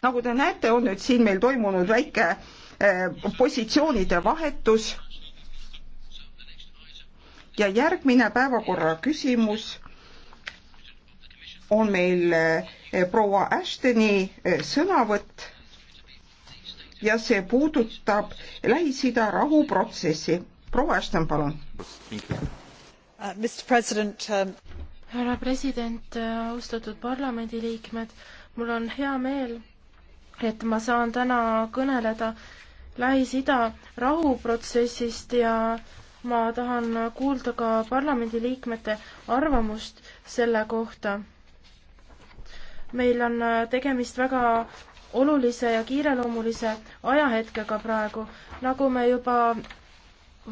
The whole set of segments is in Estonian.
nagu te näete, on nüüd siin meil toimunud väike eh, positsioonide vahetus. ja järgmine päevakorra küsimus on meil eh, proua Ashtoni eh, sõnavõtt ja see puudutab Lähis-Ida rahuprotsessi. proua Ashton, palun. Uh, um, härra president uh, austatud parlamendiliikmed mul on hea meel et ma saan täna kõneleda lähis-ida rahuprotsessist ja ma tahan kuulda ka parlamendiliikmete arvamust selle kohta meil on uh, tegemist väga olulise ja kiireloomulise ajahetkega praegu nagu me juba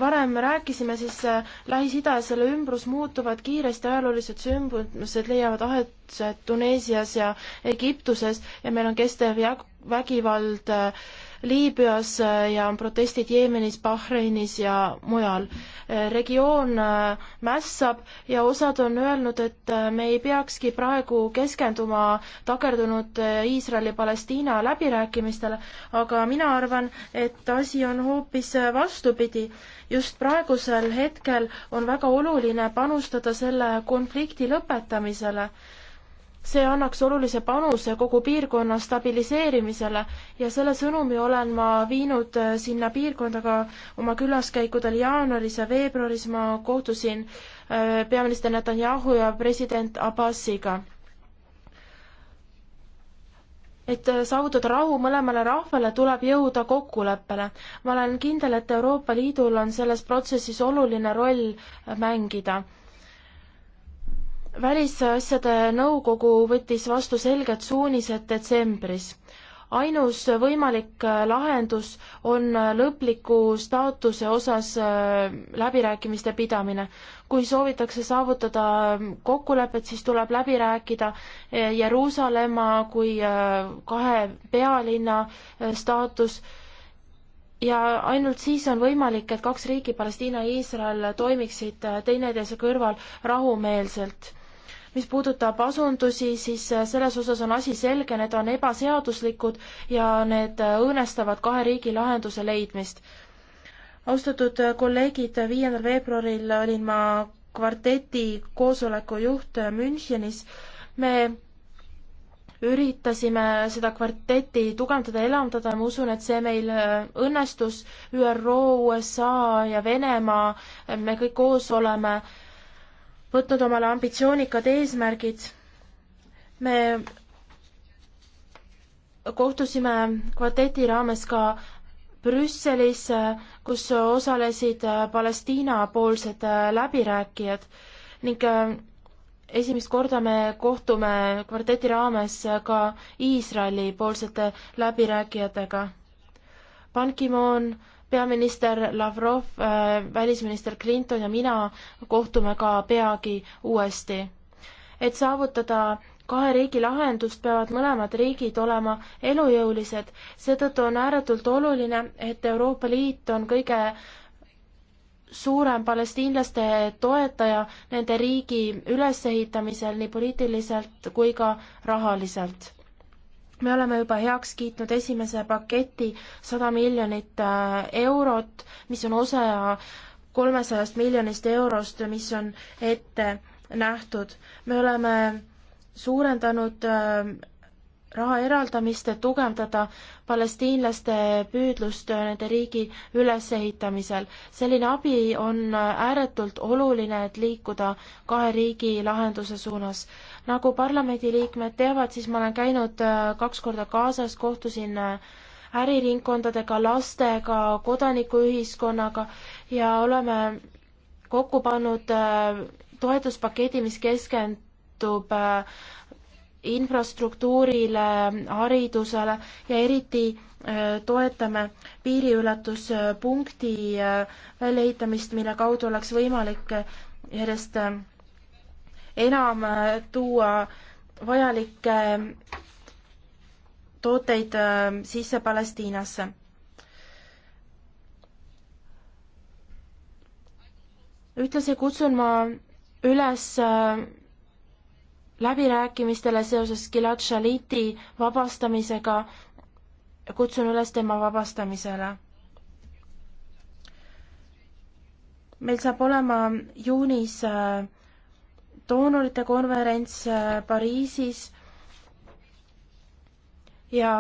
varem rääkisime, siis äh, Lähis-Ida ja selle ümbrus muutuvad kiiresti, ajaloolised sündmused leiavad ahetuse Tuneesias ja Egiptuses ja meil on kestev vägivald äh, Liibüas äh, ja on protestid Jeemenis, Bahreinis ja mujal. Äh, regioon äh, mässab ja osad on öelnud, et me ei peakski praegu keskenduma takerdunud Iisraeli-Palestiina läbirääkimistele, aga mina arvan, et asi on hoopis vastupidi. just praegusel hetkel on väga oluline panustada selle konflikti lõpetamisele see annaks olulise panuse kogu piirkonna stabiliseerimisele ja selle sõnumi olen ma viinud äh, sinna piirkonda ka oma külaskäikudel jaanuaris ja veebruaris ma kohtusin äh, peaminister Netanyahu ja president Abbasiga. et äh, saavutada rahu mõlemale rahvale, tuleb jõuda kokkuleppele. ma olen kindel, et Euroopa Liidul on selles protsessis oluline roll mängida välisasjade nõukogu võttis vastu selged suunised detsembris. ainus võimalik lahendus on lõpliku staatuse osas äh, läbirääkimiste pidamine. kui soovitakse saavutada kokkulepet, siis tuleb läbi rääkida äh, Jeruusalemma kui äh, kahe pealinna staatus ja ainult siis on võimalik, et kaks riiki, Palestiina ja Iisrael, toimiksid teineteise kõrval rahumeelselt mis puudutab asundusi, siis äh, selles osas on asi selge, need on ebaseaduslikud ja need äh, õõnestavad kahe riigi lahenduse leidmist. austatud äh, kolleegid, viiendal veebruaril olin ma kvarteti koosoleku juht Münchenis. me üritasime seda kvarteti tugevdada, elavdada ja ma usun, et see meil õnnestus. ÜRO, USA ja Venemaa, me kõik koos oleme äh, võtnud omale ambitsioonikad eesmärgid. me kohtusime kvarteti raames ka Brüsselis, kus osalesid Palestiina-poolsed läbirääkijad ning eh, esimest korda me kohtume kvarteti raames ka Iisraeli poolsete läbirääkijatega. Ban Ki-moon peaminister Lavrov, äh, välisminister Clinton ja mina kohtume ka peagi uuesti. et saavutada kahe riigi lahendust, peavad mõlemad riigid olema elujõulised, seetõttu on ääretult oluline, et Euroopa Liit on kõige suurem palestiinlaste toetaja nende riigi ülesehitamisel nii poliitiliselt kui ka rahaliselt me oleme juba heaks kiitnud esimese paketi sada miljonit äh, eurot, mis on osa kolmesajast miljonist eurost, mis on ette nähtud. me oleme suurendanud äh, raha eraldamist, et tugevdada palestiinlaste püüdlust äh, nende riigi ülesehitamisel. selline abi on ääretult oluline, et liikuda kahe riigi lahenduse suunas nagu parlamendiliikmed teavad, siis ma olen käinud äh, kaks korda Gazas, kohtusin äh, äriringkondadega, lastega, kodanikuühiskonnaga ja oleme kokku pannud äh, toetuspaketi, mis keskendub infrastruktuurile, haridusele ja eriti toetame piiriületuspunkti väljaehitamist, mille kaudu oleks võimalik järjest enam äh, tuua vajalikke tooteid äh, sisse Palestiinasse. ühtlasi kutsun ma üles äh, läbirääkimistele seoses Gilad Shaliti vabastamisega ja kutsun üles tema vabastamisele. meil saab olema juunis doonorite konverents äh, Pariisis ja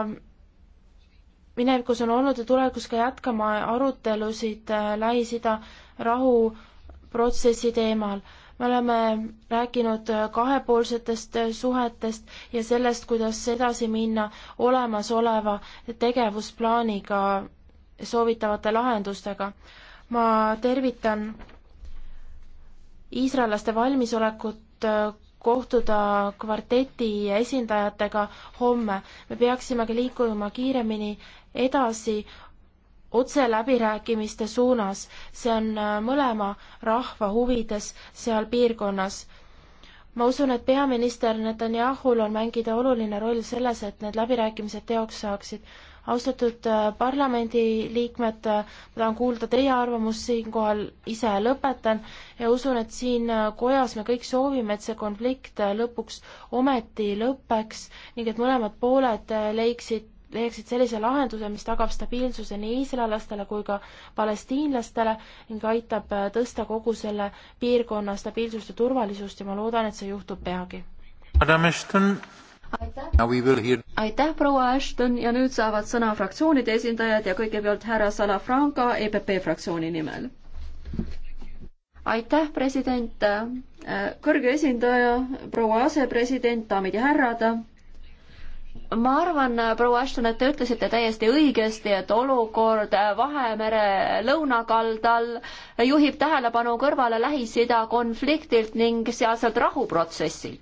minevikus on olnud ja tulevikus ka jätkama arutelusid äh, Lähis-Ida rahuprotsessi teemal. me oleme rääkinud äh, kahepoolsetest suhetest ja sellest, kuidas edasi minna olemasoleva tegevusplaaniga soovitavate lahendustega. ma tervitan iisraellaste valmisolekut äh, kohtuda kvarteti esindajatega homme. me peaksimegi liikuma kiiremini edasi otseläbirääkimiste suunas, see on äh, mõlema rahva huvides seal piirkonnas. ma usun, et peaminister Netanyahul on mängida oluline roll selles, et need läbirääkimised teoks saaksid austatud äh, parlamendiliikmed, äh, ma tahan kuulda teie arvamust siinkohal, ise lõpetan ja usun, et siin äh, kojas me kõik soovime, et see konflikt lõpuks ometi lõpeks ning et mõlemad pooled leiksid leiaksid sellise lahenduse, mis tagab stabiilsuse nii iisraellastele kui ka palestiinlastele ning aitab tõsta kogu selle piirkonna stabiilsust ja turvalisust ja ma loodan, et see juhtub peagi. Madam Ashton, aitäh, aitäh, proua Ashton ja nüüd saavad sõna fraktsioonide esindajad ja kõigepealt härra Salafranca EPP fraktsiooni nimel. aitäh, president, äh, kõrge esindaja, proua asepresident, daamid ja härrad ma arvan, proua Ashton, et te ütlesite täiesti õigesti, et olukord Vahemere lõunakaldal juhib tähelepanu kõrvale Lähis-Ida konfliktilt ning sealselt rahuprotsessilt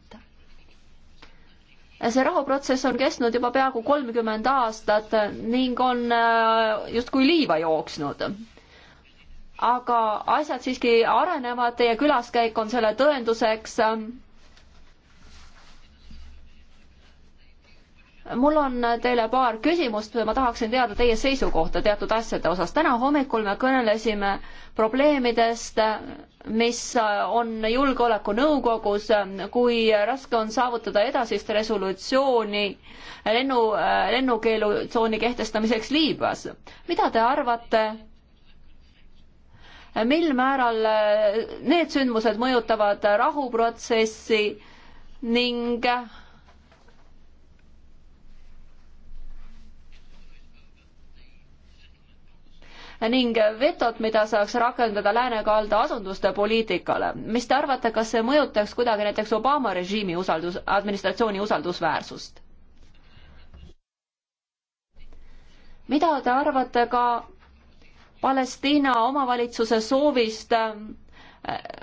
see rahuprotsess on kestnud juba peaaegu kolmkümmend aastat ning on äh, justkui liiva jooksnud. aga asjad siiski arenevad, teie külaskäik on selle tõenduseks mul on teile paar küsimust, ma tahaksin teada teie seisukohta teatud asjade osas. täna hommikul me kõnelesime probleemidest, mis on Julgeolekunõukogus, kui raske on saavutada edasist resolutsiooni lennu, lennukeelutsooni kehtestamiseks Liibüas. mida te arvate mil määral need sündmused mõjutavad rahuprotsessi ning ning vetot, mida saaks rakendada läänekalda asunduste poliitikale. mis te arvate, kas see mõjutaks kuidagi näiteks Obama režiimi usaldus, administratsiooni usaldusväärsust? mida te arvate ka Palestiina omavalitsuse soovist äh,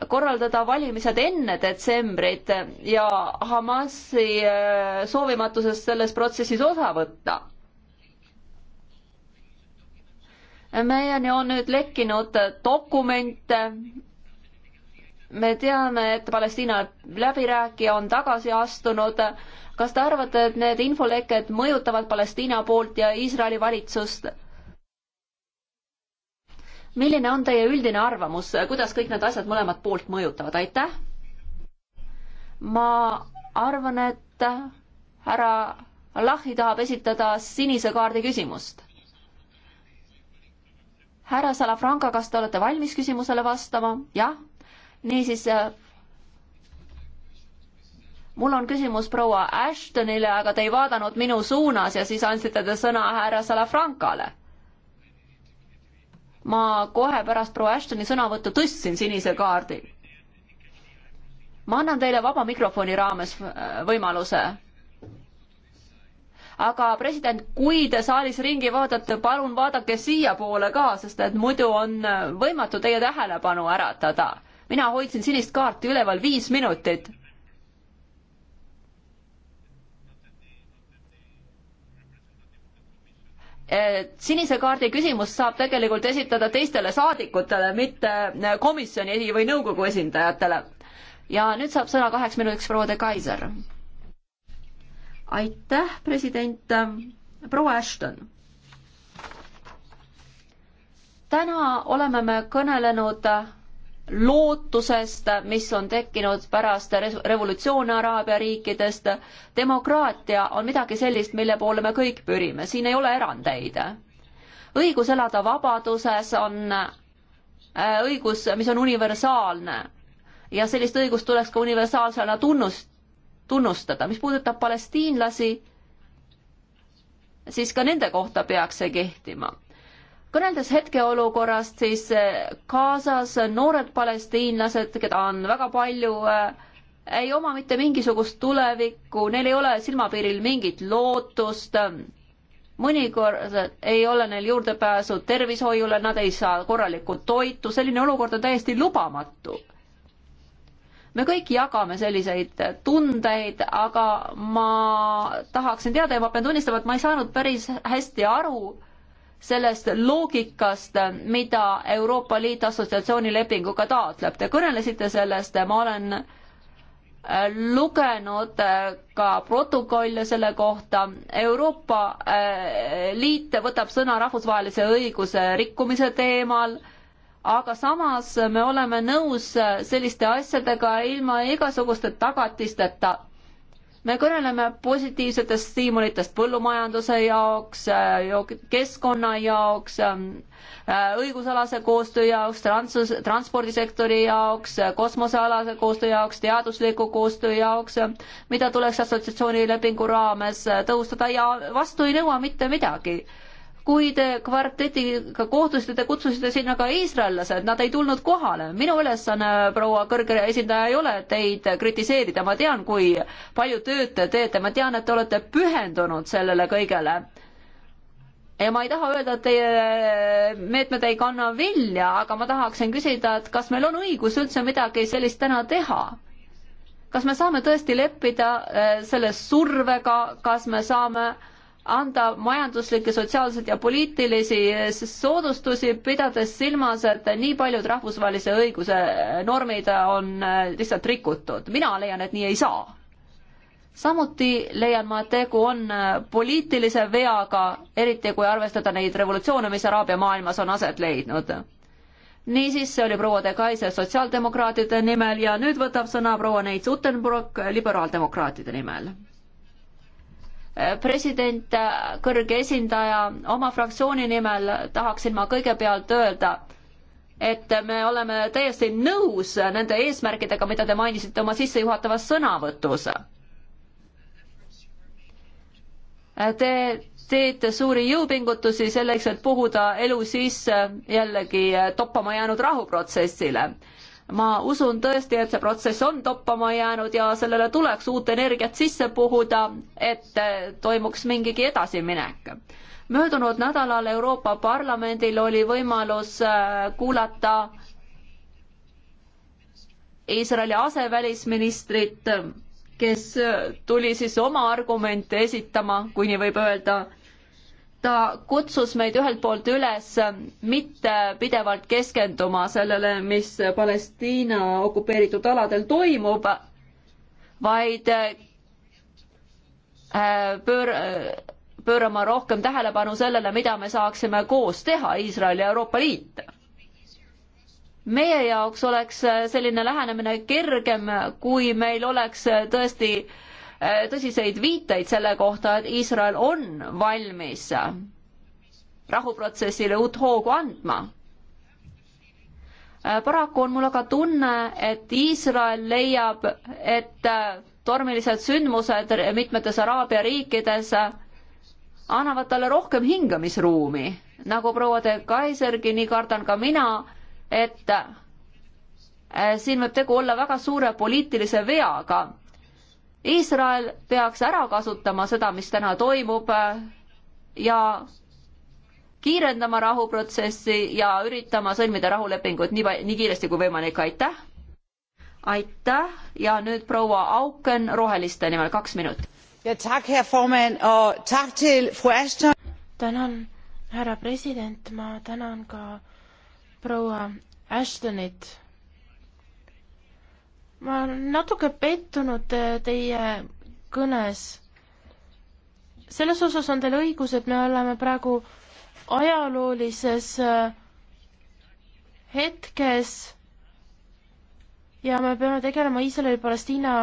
korraldada valimised enne detsembrit ja Hamasi äh, soovimatusest selles protsessis osa võtta? meieni on nüüd lekkinud dokumente. me teame, et Palestiina läbirääkija on tagasi astunud. kas te arvate, et need infolekked mõjutavad Palestiina poolt ja Iisraeli valitsust? milline on teie üldine arvamus, kuidas kõik need asjad mõlemat poolt mõjutavad, aitäh! ma arvan, et härra Lahi tahab esitada sinise kaardi küsimust härra Salafranca, kas te olete valmis küsimusele vastama? jah? niisiis äh, mul on küsimus proua Ashtonile, aga te ei vaadanud minu suunas ja siis andsite te sõna härra Salafrancale. ma kohe pärast proua Ashtoni sõnavõttu tõstsin sinise kaardi. ma annan teile vaba mikrofoni raames äh, võimaluse aga president, kui te saalis ringi vaatate, palun vaadake siiapoole ka, sest et muidu on äh, võimatu teie tähelepanu äratada. mina hoidsin sinist kaarti üleval viis minutit. et äh, sinise kaardi küsimust saab tegelikult esitada teistele saadikutele, mitte äh, komisjoni või nõukogu esindajatele. ja nüüd saab sõna kaheks minutiks proua de Kaiser aitäh, president, proua Ashton. täna oleme me kõnelenud lootusest, mis on tekkinud pärast revolutsioone Araabia riikidest. demokraatia on midagi sellist, mille poole me kõik pürime, siin ei ole erandeid. õigus elada vabaduses on äh, õigus, mis on universaalne ja sellist õigust tuleks ka universaalsena tunnust, tunnustada. mis puudutab palestiinlasi, siis ka nende kohta peaks see kehtima. kõneldes hetkeolukorrast, siis eh, Gazas noored palestiinlased, keda on väga palju äh, ei oma mitte mingisugust tulevikku, neil ei ole silmapiiril mingit lootust. Eh, mõnikord ei ole neil juurdepääsu tervishoiule, nad ei saa korralikku toitu, selline olukord on täiesti lubamatu me kõik jagame selliseid tundeid, aga ma tahaksin teada ja ma pean tunnistama, et ma ei saanud päris hästi aru sellest loogikast, mida Euroopa Liit assotsiatsioonilepinguga taotleb. Te kõnelesite sellest, ma olen äh, lugenud äh, ka protokolle selle kohta. Euroopa äh, Liit võtab sõna rahvusvahelise õiguse rikkumise teemal aga samas me oleme nõus selliste asjadega ilma igasuguste tagatisteta. me kõneleme positiivsetest stiimulitest põllumajanduse jaoks, keskkonna jaoks, õigusalase koostöö jaoks, trans-, transpordisektori jaoks, kosmosealase koostöö jaoks, teadusliku koostöö jaoks, mida tuleks assotsiatsioonilepingu raames tõhustada ja vastu ei nõua mitte midagi kui te kvartetiga kohtusite, te kutsusite sinna ka iisraellased, nad ei tulnud kohale. minu ülesanne, proua kõrge esindaja, ei ole teid kritiseerida, ma tean, kui palju tööd te teete, ma tean, et te olete pühendunud sellele kõigele. ja ma ei taha öelda, et teie meetmed ei kanna vilja, aga ma tahaksin küsida, et kas meil on õigus üldse midagi sellist täna teha? kas me saame tõesti leppida äh, selle survega, kas me saame äh, anda majanduslikke, sotsiaalseid ja poliitilisi soodustusi, pidades silmas, et nii paljud rahvusvahelise õiguse normid on lihtsalt rikutud. mina leian, et nii ei saa. samuti leian ma, et tegu on poliitilise veaga, eriti kui arvestada neid revolutsioone, mis Araabia maailmas on aset leidnud. niisiis, see oli proua de Kaise sotsiaaldemokraatide nimel ja nüüd võtab sõna proua Neits Utenbrock liberaaldemokraatide nimel president, kõrge esindaja, oma fraktsiooni nimel tahaksin ma kõigepealt öelda, et me oleme täiesti nõus nende eesmärkidega, mida te mainisite oma sissejuhatavas sõnavõtus. Te teete suuri jõupingutusi selleks, et puhuda elu sisse jällegi toppama jäänud rahuprotsessile ma usun tõesti, et see protsess on toppama jäänud ja sellele tuleks uut energiat sisse puhuda, et toimuks mingigi edasiminek. möödunud nädalal Euroopa Parlamendil oli võimalus äh, kuulata Iisraeli asevälisministrit, kes äh, tuli siis oma argumente esitama, kui nii võib öelda ta kutsus meid ühelt poolt üles mitte pidevalt keskenduma sellele, mis Palestiina okupeeritud aladel toimub, vaid äh, pöör-, pöörama rohkem tähelepanu sellele, mida me saaksime koos teha, Iisrael ja Euroopa Liit. meie jaoks oleks äh, selline lähenemine kergem, kui meil oleks äh, tõesti äh, Äh, tõsiseid viiteid selle kohta, et Iisrael on valmis rahuprotsessile uut hoogu andma. Äh, paraku on mul aga tunne, et Iisrael leiab, et äh, tormilised sündmused mitmetes Araabia riikides annavad talle rohkem hingamisruumi. nagu proua de Kaisergi, nii kardan ka mina, et siin võib tegu olla väga suure poliitilise veaga Iisrael peaks ära kasutama seda, mis täna toimub äh, ja kiirendama rahuprotsessi ja üritama sõlmida rahulepingut nii, nii kiiresti kui võimalik, aitäh! aitäh ja nüüd proua Auken Roheliste nimel, kaks minutit. tänan, härra president, ma tänan ka proua Ashtonit ma olen natuke pettunud äh, teie kõnes. selles osas on teil õigus, et me oleme praegu ajaloolises äh, hetkes ja me peame tegelema Iisraeli-Palestiina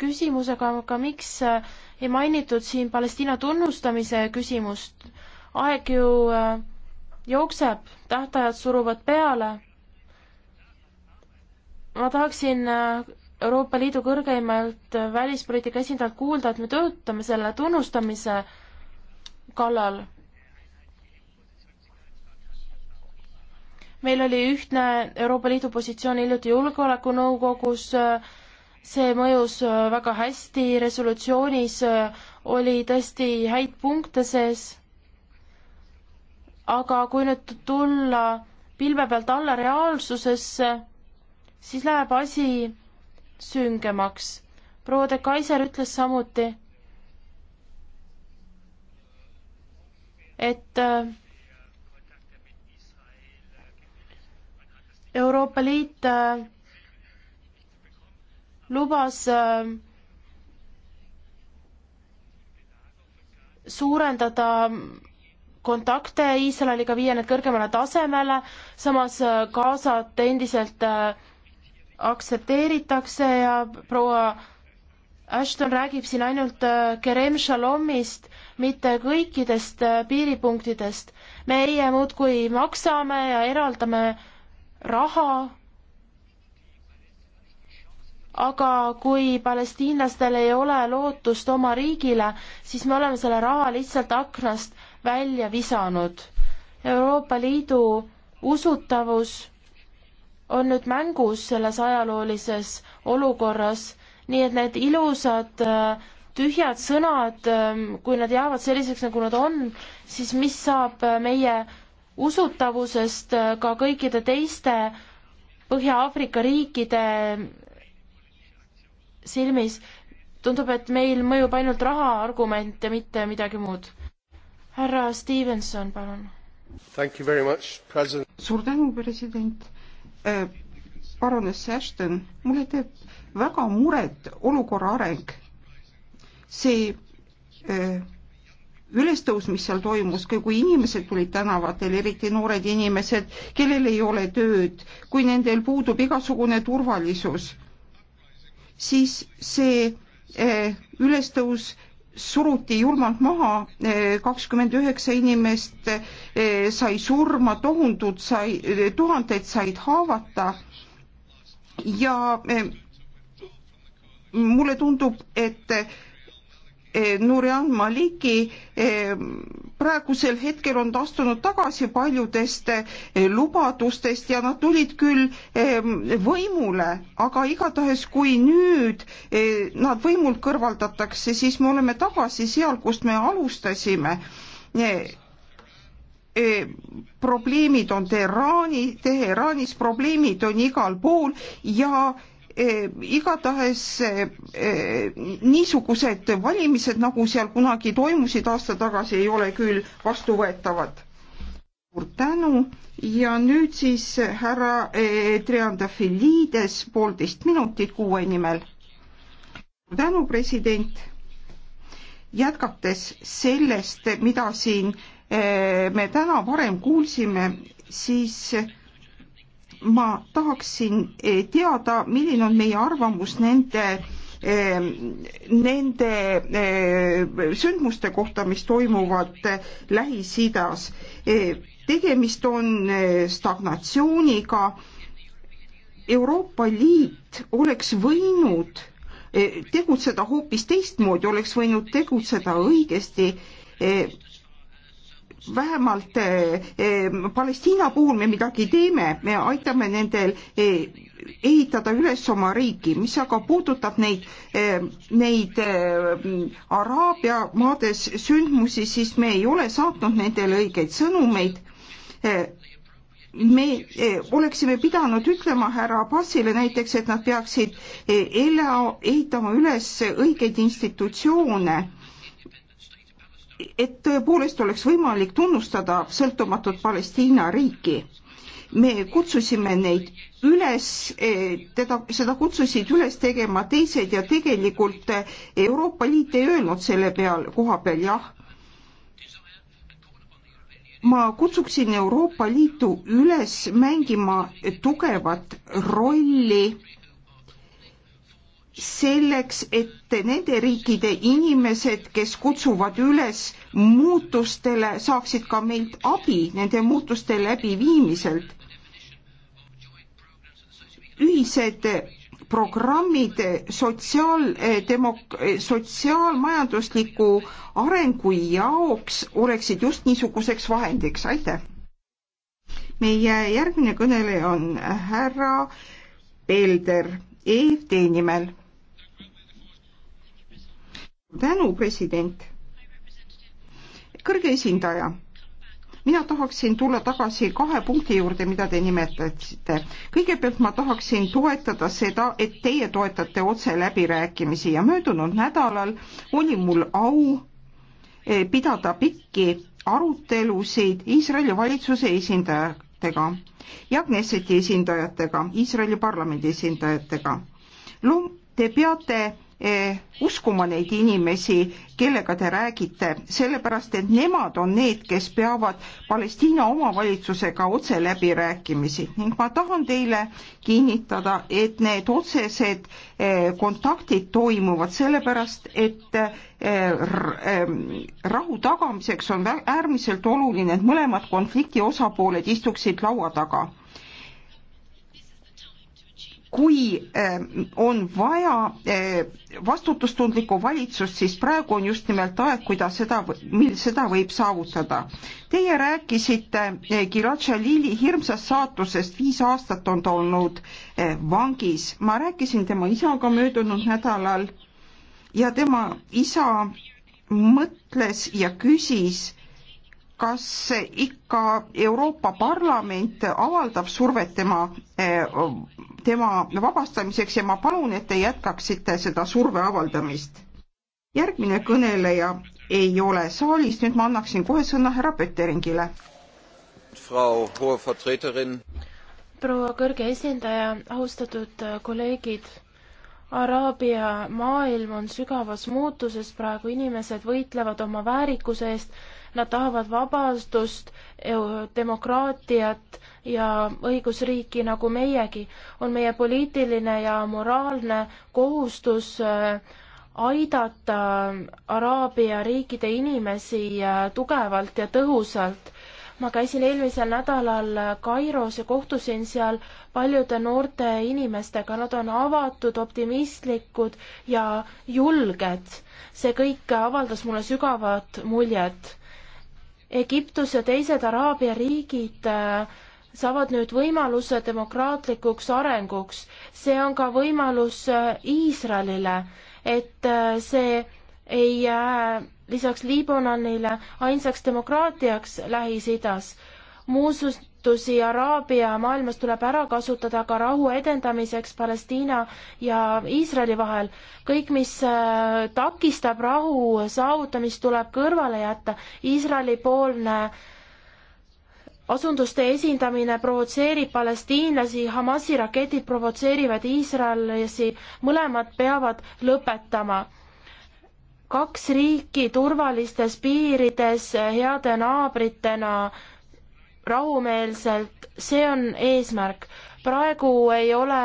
küsimusega, aga miks äh, ei mainitud siin Palestiina tunnustamise küsimust? aeg ju jookseb, tähtajad suruvad peale. ma tahaksin Euroopa Liidu kõrgeimalt välispoliitika esindajalt kuulda, et me töötame selle tunnustamise kallal. meil oli ühtne Euroopa Liidu positsioon hiljuti Julgeolekunõukogus, see mõjus väga hästi, resolutsioonis oli tõesti häid punkte sees, aga kui nüüd tulla pilve pealt alla reaalsusesse, siis läheb asi süngemaks. proua de Kaiser ütles samuti, et äh, Euroopa Liit äh, lubas äh, suurendada kontakte Iisraeliga, viia need kõrgemale tasemele, samas Gazat endiselt aktsepteeritakse ja proua Ashton räägib siin ainult äh, Kerem Shalomist, mitte kõikidest äh, piiripunktidest. meie muudkui maksame ja eraldame raha, aga kui palestiinlastel ei ole lootust oma riigile, siis me oleme selle raha lihtsalt aknast välja visanud. Euroopa Liidu usutavus on nüüd mängus selles ajaloolises olukorras, nii et need ilusad äh, tühjad sõnad, ähm, kui nad jäävad selliseks, nagu nad on, siis mis saab äh, meie usutavusest äh, ka kõikide teiste Põhja-Aafrika riikide silmis. tundub, et meil mõjub ainult raha argument ja mitte midagi muud. härra Stevenson, palun. suur tänu, president paroness äh, Ashton, mulle teeb väga muret olukorra areng. see äh, ülestõus, mis seal toimus, kui inimesed tulid tänavatel, eriti noored inimesed, kellel ei ole tööd, kui nendel puudub igasugune turvalisus, siis see äh, ülestõus suruti julmalt maha, eh, kakskümmend üheksa inimest eh, sai surma, tohundud sai, eh, tuhanded said haavata ja mulle tundub, et Nurjan Maliki praegusel hetkel on ta astunud tagasi paljudest eh, lubadustest ja nad tulid küll ehm, võimule, aga igatahes, kui nüüd eh, nad võimult kõrvaldatakse, siis me oleme tagasi seal, kust me alustasime eh, probleemid on Teheraani, Teheraanis probleemid on igal pool ja Eh, igatahes eh, eh, niisugused valimised, nagu seal kunagi toimusid aasta tagasi, ei ole küll vastuvõetavad. suur tänu ja nüüd siis härra Triandafilides poolteist minutit kuue nimel. suur tänu, president. jätkates sellest, mida siin me täna varem kuulsime, siis ma tahaksin eh, teada, milline on meie arvamus nende eh, nende eh, sündmuste kohta, mis toimuvad Lähis-Idas. tegemist on stagnatsiooniga. Euroopa Liit oleks võinud tegutseda hoopis teistmoodi, oleks võinud tegutseda õigesti vähemalt eh, eh, Palestiina puhul me midagi teeme, me aitame nendel eh, ehitada üles oma riiki, mis aga puudutab neid, neid Araabia maades sündmusi, siis me ei ole saatnud nendele õigeid sõnumeid me oleksime pidanud ütlema härra Abbasile näiteks, et nad peaksid ehitama üles õigeid institutsioone et tõepoolest oleks võimalik tunnustada sõltumatut Palestiina riiki. me kutsusime neid üles, eh, teda, seda kutsusid üles tegema teised ja tegelikult eh, Euroopa Liit ei öelnud selle peal koha peal jah. ma kutsuksin Euroopa Liitu üles mängima tugevat rolli selleks, et nende riikide inimesed, kes kutsuvad üles muutustele, saaksid ka meilt abi nende muutuste läbiviimisel. ühised programmid sotsiaaldemok-, sotsiaalmajandusliku arengu jaoks oleksid just niisuguseks vahendiks, aitäh! meie järgmine kõneleja on härra Pelder EFD nimel tänu, president. kõrge esindaja, mina tahaksin tulla tagasi kahe punkti juurde, mida te nimetasite. kõigepealt ma tahaksin toetada seda, et teie toetate otse läbirääkimisi ja möödunud nädalal oli mul au eh, pidada pikki arutelusid Iisraeli valitsuse esindajatega ja Knesseti esindajatega, Iisraeli parlamendi esindajatega. Te peate Eh, uskuma neid inimesi, kellega te räägite, sellepärast et nemad on need, kes peavad Palestiina omavalitsusega otse läbirääkimisi ning ma tahan teile kinnitada, et need otsesed eh, kontaktid toimuvad sellepärast, et eh, rahu tagamiseks on äärmiselt oluline, et mõlemad konflikti osapooled istuksid laua taga kui ähm, on vaja äh, vastutustundlikku valitsust, siis praegu on just nimelt aeg, kuidas seda, mil seda võib saavutada. Teie rääkisite äh, Gilad Šalili hirmsast saatusest, viis aastat on ta olnud äh, vangis. ma rääkisin tema isaga möödunud nädalal ja tema isa mõtles ja küsis, kas ikka Euroopa Parlament avaldab survet tema, eh, tema vabastamiseks ja ma palun, et te jätkaksite seda surve avaldamist. järgmine kõneleja ei ole saalis, nüüd ma annaksin kohe sõna härra Pötteringile. proua kõrge esindaja, austatud kolleegid Araabia maailm on sügavas muutuses, praegu inimesed võitlevad oma väärikuse eest Nad tahavad vabastust, demokraatiat ja õigusriiki nagu meiegi. on meie poliitiline ja moraalne kohustus äh, aidata Araabia riikide inimesi äh, tugevalt ja tõhusalt ma käisin eelmisel nädalal äh, Kairos ja kohtusin seal paljude noorte inimestega, nad on avatud, optimistlikud ja julged. see kõik avaldas mulle sügavat muljet. Egiptus ja teised Araabia riigid äh, saavad nüüd võimaluse demokraatlikuks arenguks. see on ka võimalus äh, Iisraelile, et äh, see ei jää lisaks Liibanonile ainsaks demokraatiaks Lähis-Idas. muuseas, muutusi Araabia maailmas tuleb ära kasutada ka rahu edendamiseks Palestiina ja Iisraeli vahel. kõik, mis äh, takistab rahu saavutamist, tuleb kõrvale jätta. Iisraeli poolne asunduste esindamine provotseerib palestiinlasi, Hamasi raketid provotseerivad iisraellasi, mõlemad peavad lõpetama kaks riiki turvalistes piirides heade naabritena rahumeelselt, see on eesmärk. praegu ei ole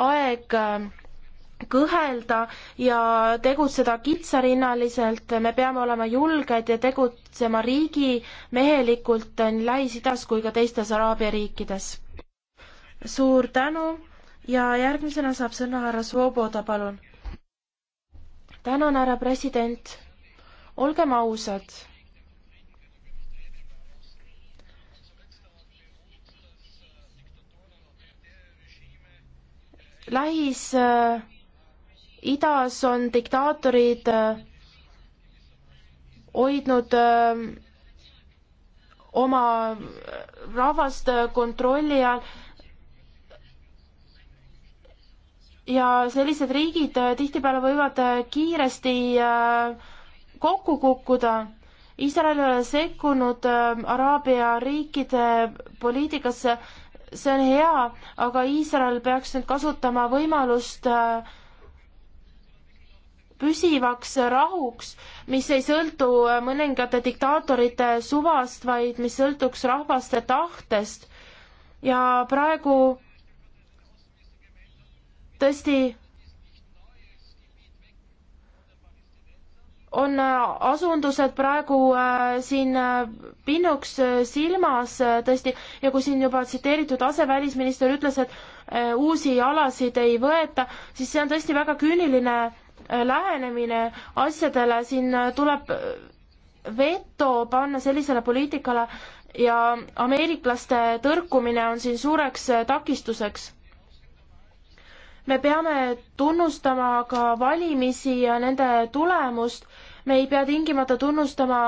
aeg äh, kõhelda ja tegutseda kitsarinnaliselt, me peame olema julged ja tegutsema riigimehelikult nii Lähis-Idas kui ka teistes Araabia riikides. suur tänu ja järgmisena saab sõna härra Svoboda, palun. tänan, härra president. olgem ausad Lähis-Idas äh, on diktaatorid äh, hoidnud äh, oma rahvast kontrolli all ja sellised riigid tihtipeale võivad kiiresti kokku kukkuda. Iisrael ei ole sekkunud Araabia riikide poliitikasse see on hea, aga Iisrael peaks nüüd kasutama võimalust äh, püsivaks rahuks, mis ei sõltu äh, mõningate diktaatorite suvast, vaid mis sõltuks rahvaste tahtest. ja praegu tõesti on äh, asundused praegu äh, siin äh, pinnuks silmas tõesti ja kui siin juba tsiteeritud asevälisminister ütles, et uusi alasid ei võeta, siis see on tõesti väga küüniline lähenemine asjadele, siin tuleb veto panna sellisele poliitikale ja ameeriklaste tõrkumine on siin suureks takistuseks me peame tunnustama ka valimisi ja nende tulemust, me ei pea tingimata tunnustama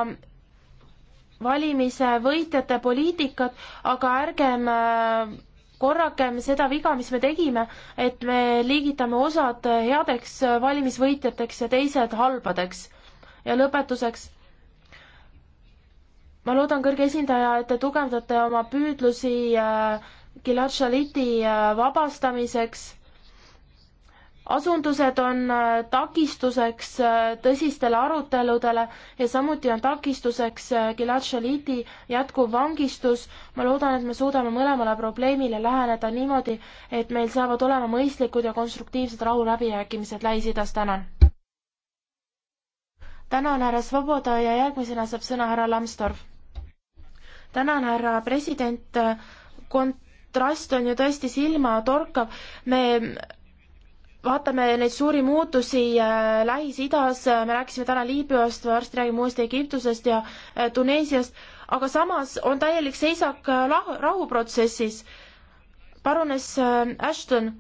valimise võitjate poliitikat, aga ärgem äh, korrakem seda viga, mis me tegime, et me liigitame osad headeks valimisvõitjateks ja teised halbadeks. ja lõpetuseks, ma loodan, kõrge esindaja, et te tugevdate oma püüdlusi äh, Gilad Šaliti äh, vabastamiseks asundused on äh, takistuseks äh, tõsistele aruteludele ja samuti on takistuseks äh, Gilad Šaliti jätkuv vangistus. ma loodan, et me suudame mõlemale probleemile läheneda niimoodi, et meil saavad olema mõistlikud ja konstruktiivsed rahuläbirääkimised Lähis-Idas. tänan. tänan, härra Svoboda ja järgmisena saab sõna härra Lambsdorff. tänan, härra president. kontrast on ju tõesti silmatorkav. me vaatame neid suuri muutusi äh, Lähis-Idas, äh, me rääkisime täna Liibüast, varsti räägime uuesti Egiptusest ja äh, Tuneesiast, aga samas on täielik seisak rahuprotsessis. parunes Ashton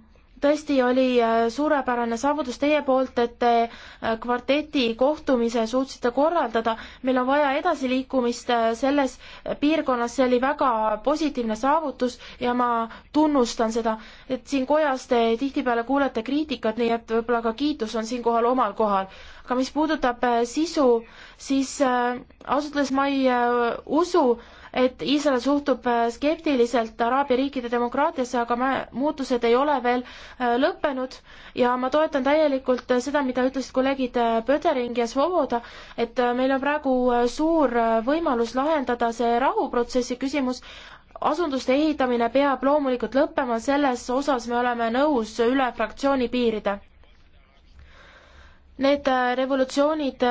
tõesti oli äh, suurepärane saavutus teie poolt, et te äh, kvarteti kohtumise suutsite korraldada. meil on vaja edasiliikumist äh, selles piirkonnas, see oli väga positiivne saavutus ja ma tunnustan seda, et siin kojas te tihtipeale kuulete kriitikat, nii et võib-olla ka kiitus on siinkohal omal kohal. aga mis puudutab sisu, siis ausalt öeldes ma ei usu, et Iisrael suhtub äh, skeptiliselt Araabia riikide demokraatiasse, aga me, muutused ei ole veel äh, lõppenud ja ma toetan täielikult äh, seda, mida ütlesid kolleegid Pödering ja Svoboda, et meil on praegu suur võimalus lahendada see rahuprotsessi küsimus, asunduste ehitamine peab loomulikult lõppema, selles osas me oleme nõus üle fraktsiooni piiride. Need revolutsioonid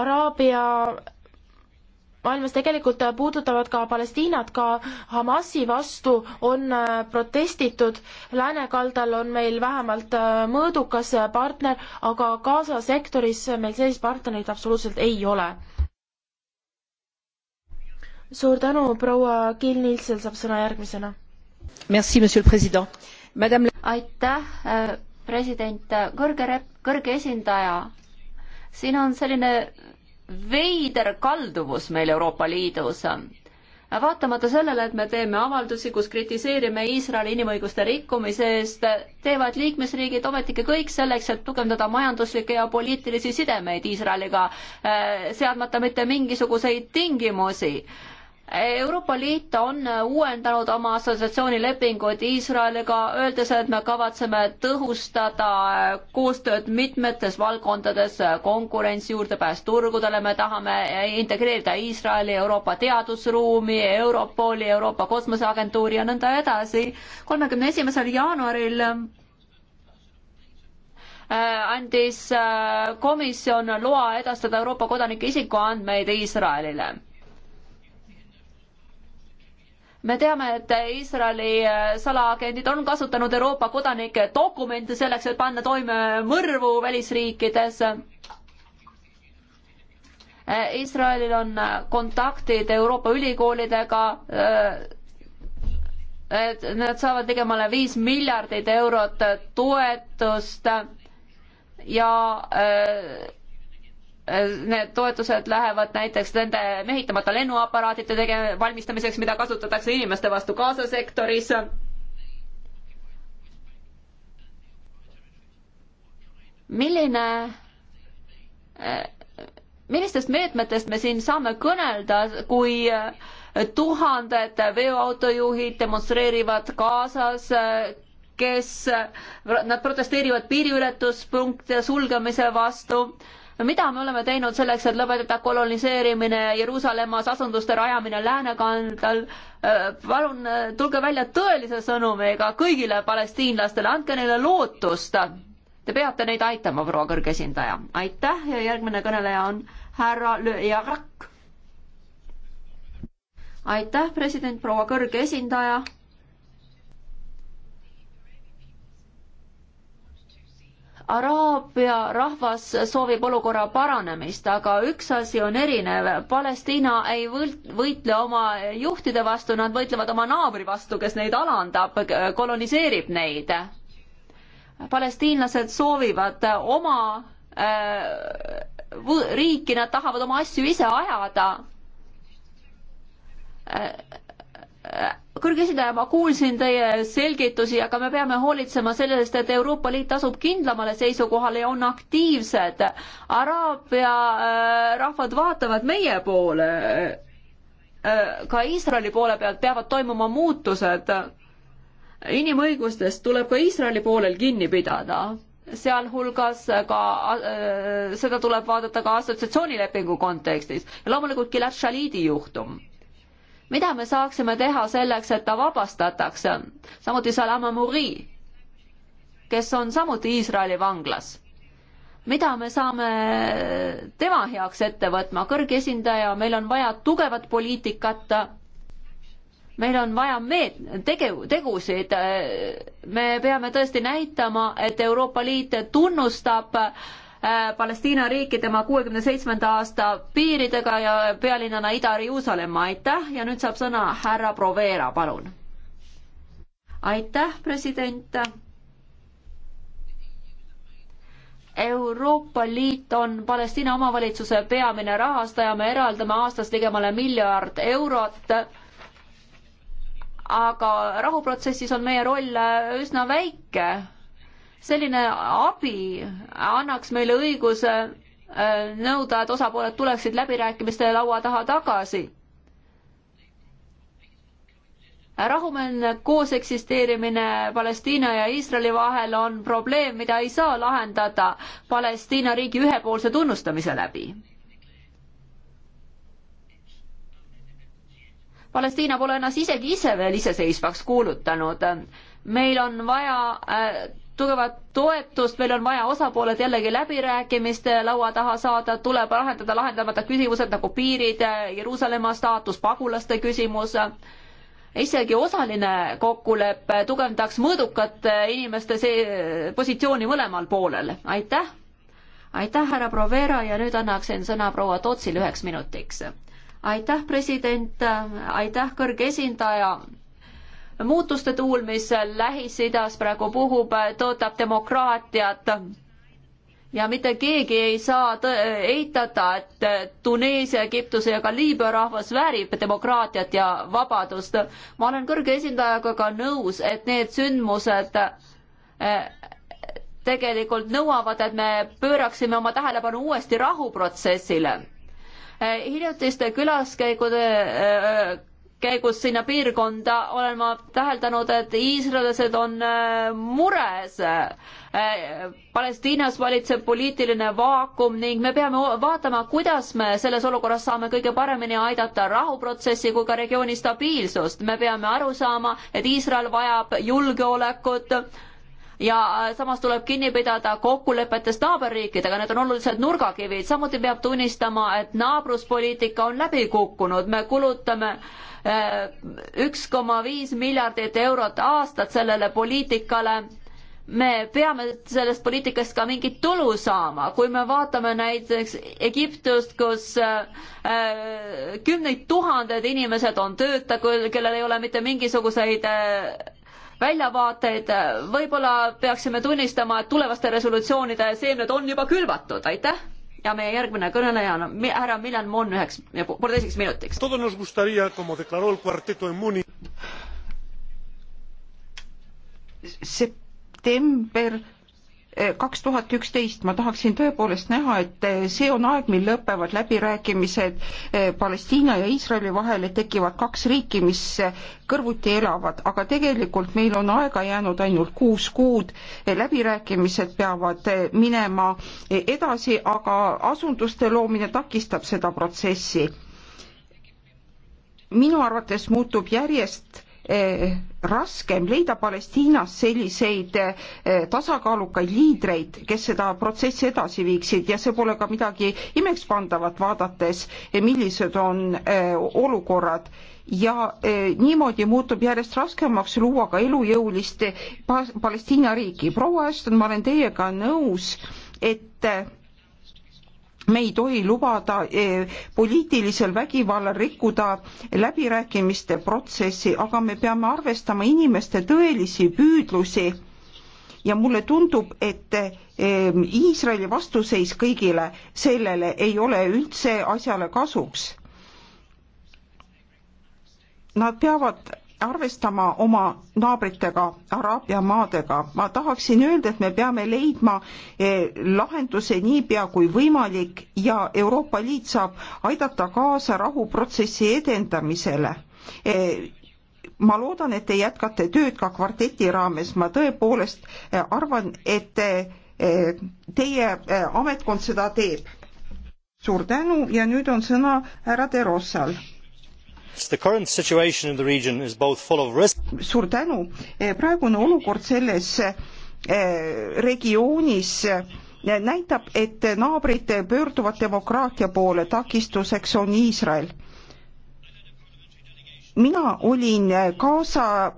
Araabia maailmas tegelikult puudutavad ka Palestiinat, ka Hamasi vastu on äh, protestitud. Lääne kaldal on meil vähemalt äh, mõõdukas partner, aga Gaza sektoris meil selliseid partnereid absoluutselt ei ole. suur tänu, proua Kill Nielsen saab sõna järgmisena. Merci, monsieur le president. Madame aitäh, äh, president, kõrge rep-, kõrge esindaja. siin on selline veider kalduvus meil Euroopa Liidus. vaatamata sellele, et me teeme avaldusi, kus kritiseerime Iisraeli inimõiguste rikkumise eest, teevad liikmesriigid ometigi kõik selleks, et tugevdada majanduslikke ja poliitilisi sidemeid Iisraeliga, eh, seadmata mitte mingisuguseid tingimusi Euroopa Liit on uuendanud oma assotsiatsioonilepinguid Iisraeliga, öeldes, et me kavatseme tõhustada koostööd mitmetes valdkondades, konkurents, juurdepääs turgudele, me tahame integreerida Iisraeli Euroopa teadusruumi, Europoli, Euroopa Kosmoseagentuuri ja nõnda edasi. kolmekümne esimesel jaanuaril äh, andis äh, komisjon loa edastada Euroopa kodanike isikuandmeid Iisraelile me teame, et Iisraeli äh, salaagendid on kasutanud Euroopa kodanike dokumente selleks, et panna toime mõrvu välisriikides. Äh, Iisraelil on äh, kontaktid Euroopa ülikoolidega. et nad saavad ligemale viis miljardit eurot toetust ja Need toetused lähevad näiteks nende mehitamata lennuaparaatide tege-, valmistamiseks, mida kasutatakse inimeste vastu Gaza sektoris. milline millistest meetmetest me siin saame kõnelda, kui tuhanded veoautojuhid demonstreerivad kaasas, kes, nad protesteerivad piiriületuspunktide sulgemise vastu mida me oleme teinud selleks, et lõpetada koloniseerimine Jeruusalemmas, asunduste rajamine läänekandal? Äh, palun äh, tulge välja tõelise sõnumiga kõigile palestiinlastele, andke neile lootust. Te peate neid aitama, proua kõrge esindaja. aitäh ja järgmine kõneleja on härra Le Jarak. aitäh, president, proua kõrge esindaja Araabia rahvas soovib olukorra paranemist, aga üks asi on erinev. Palestiina ei võitle oma juhtide vastu, nad võitlevad oma naabri vastu, kes neid alandab, koloniseerib neid. palestiinlased soovivad oma äh, riiki, nad tahavad oma asju ise ajada äh, kõrge esindaja, ma kuulsin teie selgitusi, aga me peame hoolitsema selle eest, et Euroopa Liit asub kindlamale seisukohale ja on aktiivsed. Araabia äh, rahvad vaatavad meie poole, äh, ka Iisraeli poole pealt peavad toimuma muutused. inimõigustest tuleb ka Iisraeli poolel kinni pidada, sealhulgas ka, äh, seda tuleb vaadata ka assotsiatsioonilepingu kontekstis ja loomulikult Gilad Shalidi juhtum mida me saaksime teha selleks, et ta vabastatakse? samuti Salama Muri, kes on samuti Iisraeli vanglas. mida me saame tema heaks ette võtma, kõrge esindaja, meil on vaja tugevat poliitikat, meil on vaja meet-, tegev-, tegusid, me peame tõesti näitama, et Euroopa Liit tunnustab äh, Äh, Palestiina riiki tema kuuekümne seitsmenda aasta piiridega ja pealinnana Ida-Jeruusalemma, aitäh ja nüüd saab sõna härra Provera, palun. aitäh, president. Euroopa Liit on Palestiina omavalitsuse peamine rahastaja, me eraldame aastas ligemale miljard eurot aga rahuprotsessis on meie roll üsna väike selline abi annaks meile õiguse äh, nõuda, et osapooled tuleksid läbirääkimiste laua taha tagasi. rahumeelne kooseksisteerimine Palestiina ja Iisraeli vahel on probleem, mida ei saa lahendada Palestiina riigi ühepoolse tunnustamise läbi. Palestiina pole ennast isegi ise veel iseseisvaks kuulutanud. meil on vaja äh, tugevat toetust, meil on vaja osapooled jällegi läbirääkimiste laua taha saada, tuleb lahendada lahendamata küsimused nagu piirid, Jeruusalemma staatus, pagulaste küsimus. isegi osaline kokkulepe tugevdaks mõõdukate inimeste see positsiooni mõlemal poolel, aitäh. aitäh, härra Provera ja nüüd annaksin sõna proua Tootsile üheks minutiks. aitäh, president, aitäh, kõrge esindaja muutuste tuul, mis Lähis-Idas praegu puhub, tõotab demokraatiat ja mitte keegi ei saa eitada, et Tuneesia, Egiptuse ja ka Liibüa rahvas väärib demokraatiat ja vabadust. ma olen kõrge esindajaga ka nõus, et need sündmused eh, tegelikult nõuavad, et me pööraksime oma tähelepanu uuesti rahuprotsessile. Eh, hiljutiste külaskäigude eh, käigus sinna piirkonda olen ma täheldanud, et iisraellased on äh, mures. Äh, Palestiinas valitseb poliitiline vaakum ning me peame vaatama, kuidas me selles olukorras saame kõige paremini aidata rahuprotsessi kui ka regiooni stabiilsust. me peame aru saama, et Iisrael vajab julgeolekut ja äh, samas tuleb kinni pidada kokkulepetest naaberriikidega, need on olulised nurgakivid, samuti peab tunnistama, et naabruspoliitika on läbi kukkunud, me kulutame äh, üks koma viis miljardit eurot aastat sellele poliitikale me peame sellest poliitikast ka mingit tulu saama, kui me vaatame näiteks Egiptust, kus äh, kümneid tuhanded inimesed on tööta, kellel ei ole mitte mingisuguseid äh, väljavaateid, võib-olla peaksime tunnistama, et tulevaste resolutsioonide seemned on juba külvatud, aitäh! ja meie järgmine kõneleja on härra Milan Mon üheks ja pooleteiseks minutiks. september kaks tuhat üksteist ma tahaksin tõepoolest näha, et eh, see on aeg, mil lõpevad läbirääkimised eh, Palestiina ja Iisraeli vahel, et tekivad kaks riiki, mis eh, kõrvuti elavad, aga tegelikult meil on aega jäänud ainult kuus kuud. läbirääkimised peavad minema edasi, aga asunduste loomine takistab seda protsessi. minu arvates muutub järjest Eh, raskem leida Palestiinas selliseid eh, tasakaalukaid liidreid, kes seda protsessi edasi viiksid ja see pole ka midagi imekspandavat, vaadates, eh, millised on olukorrad. ja niimoodi muutub järjest raskemaks luua ka elujõulist Palestiina riiki. proua Ashton, ma olen teiega nõus, et me ei tohi lubada eh, poliitilisel vägivallal rikkuda läbirääkimiste protsessi, aga me peame arvestama inimeste tõelisi püüdlusi. ja mulle tundub, et eh, Iisraeli vastuseis kõigile sellele ei ole üldse asjale kasuks. Nad peavad arvestama oma naabritega, Araabia maadega. ma tahaksin öelda, et me peame leidma eh, lahenduse niipea kui võimalik ja Euroopa Liit saab aidata kaasa rahuprotsessi edendamisele eh, ma loodan, et te jätkate tööd ka kvarteti raames, ma tõepoolest eh, arvan, et teie ametkond seda teeb. suur tänu ja nüüd on sõna härra De Rossal suur tänu, eh, praegune olukord selles eh, regioonis eh, näitab, et naabrid pöörduvad demokraatia poole, takistuseks on Iisrael mina olin kaasas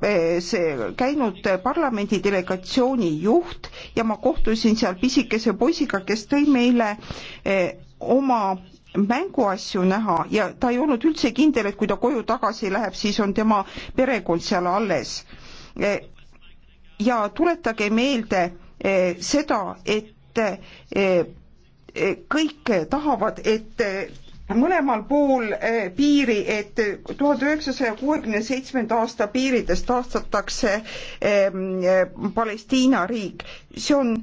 käinud parlamendi delegatsiooni juht ja ma kohtusin seal pisikese poisiga, kes tõi meile oma mänguasju näha ja ta ei olnud üldse kindel, et kui ta koju tagasi läheb, siis on tema perekond seal alles. E, ja tuletage meelde e, seda, et e, kõik tahavad, et mõlemal pool piiri, et tuhande üheksasaja kuuekümne seitsmenda aasta piirides taastatakse Palestiina riik. see on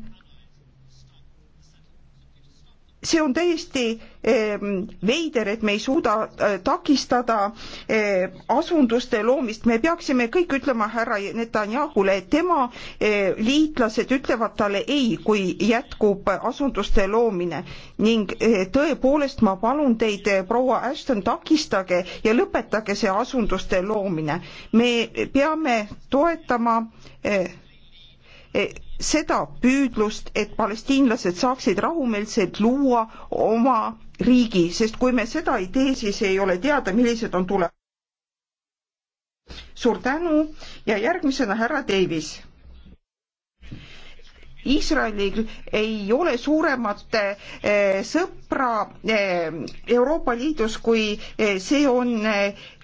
see on täiesti ehm, veider, et me ei suuda äh, takistada ehm, asunduste loomist, me peaksime kõik ütlema härra Netanyahule, et tema ehm, liitlased ütlevad talle ei, kui jätkub asunduste loomine ning tõepoolest ma palun teid, proua Ashton, takistage ja lõpetage see asunduste loomine. me peame toetama seda püüdlust, et palestiinlased saaksid rahumeelselt luua oma riigi, sest kui me seda ei tee, siis ei ole teada, millised on tulemused. suur tänu ja järgmisena härra Davis. Iisraelil ei ole suuremat eh, sõpra eh, Euroopa Liidus, kui eh, see on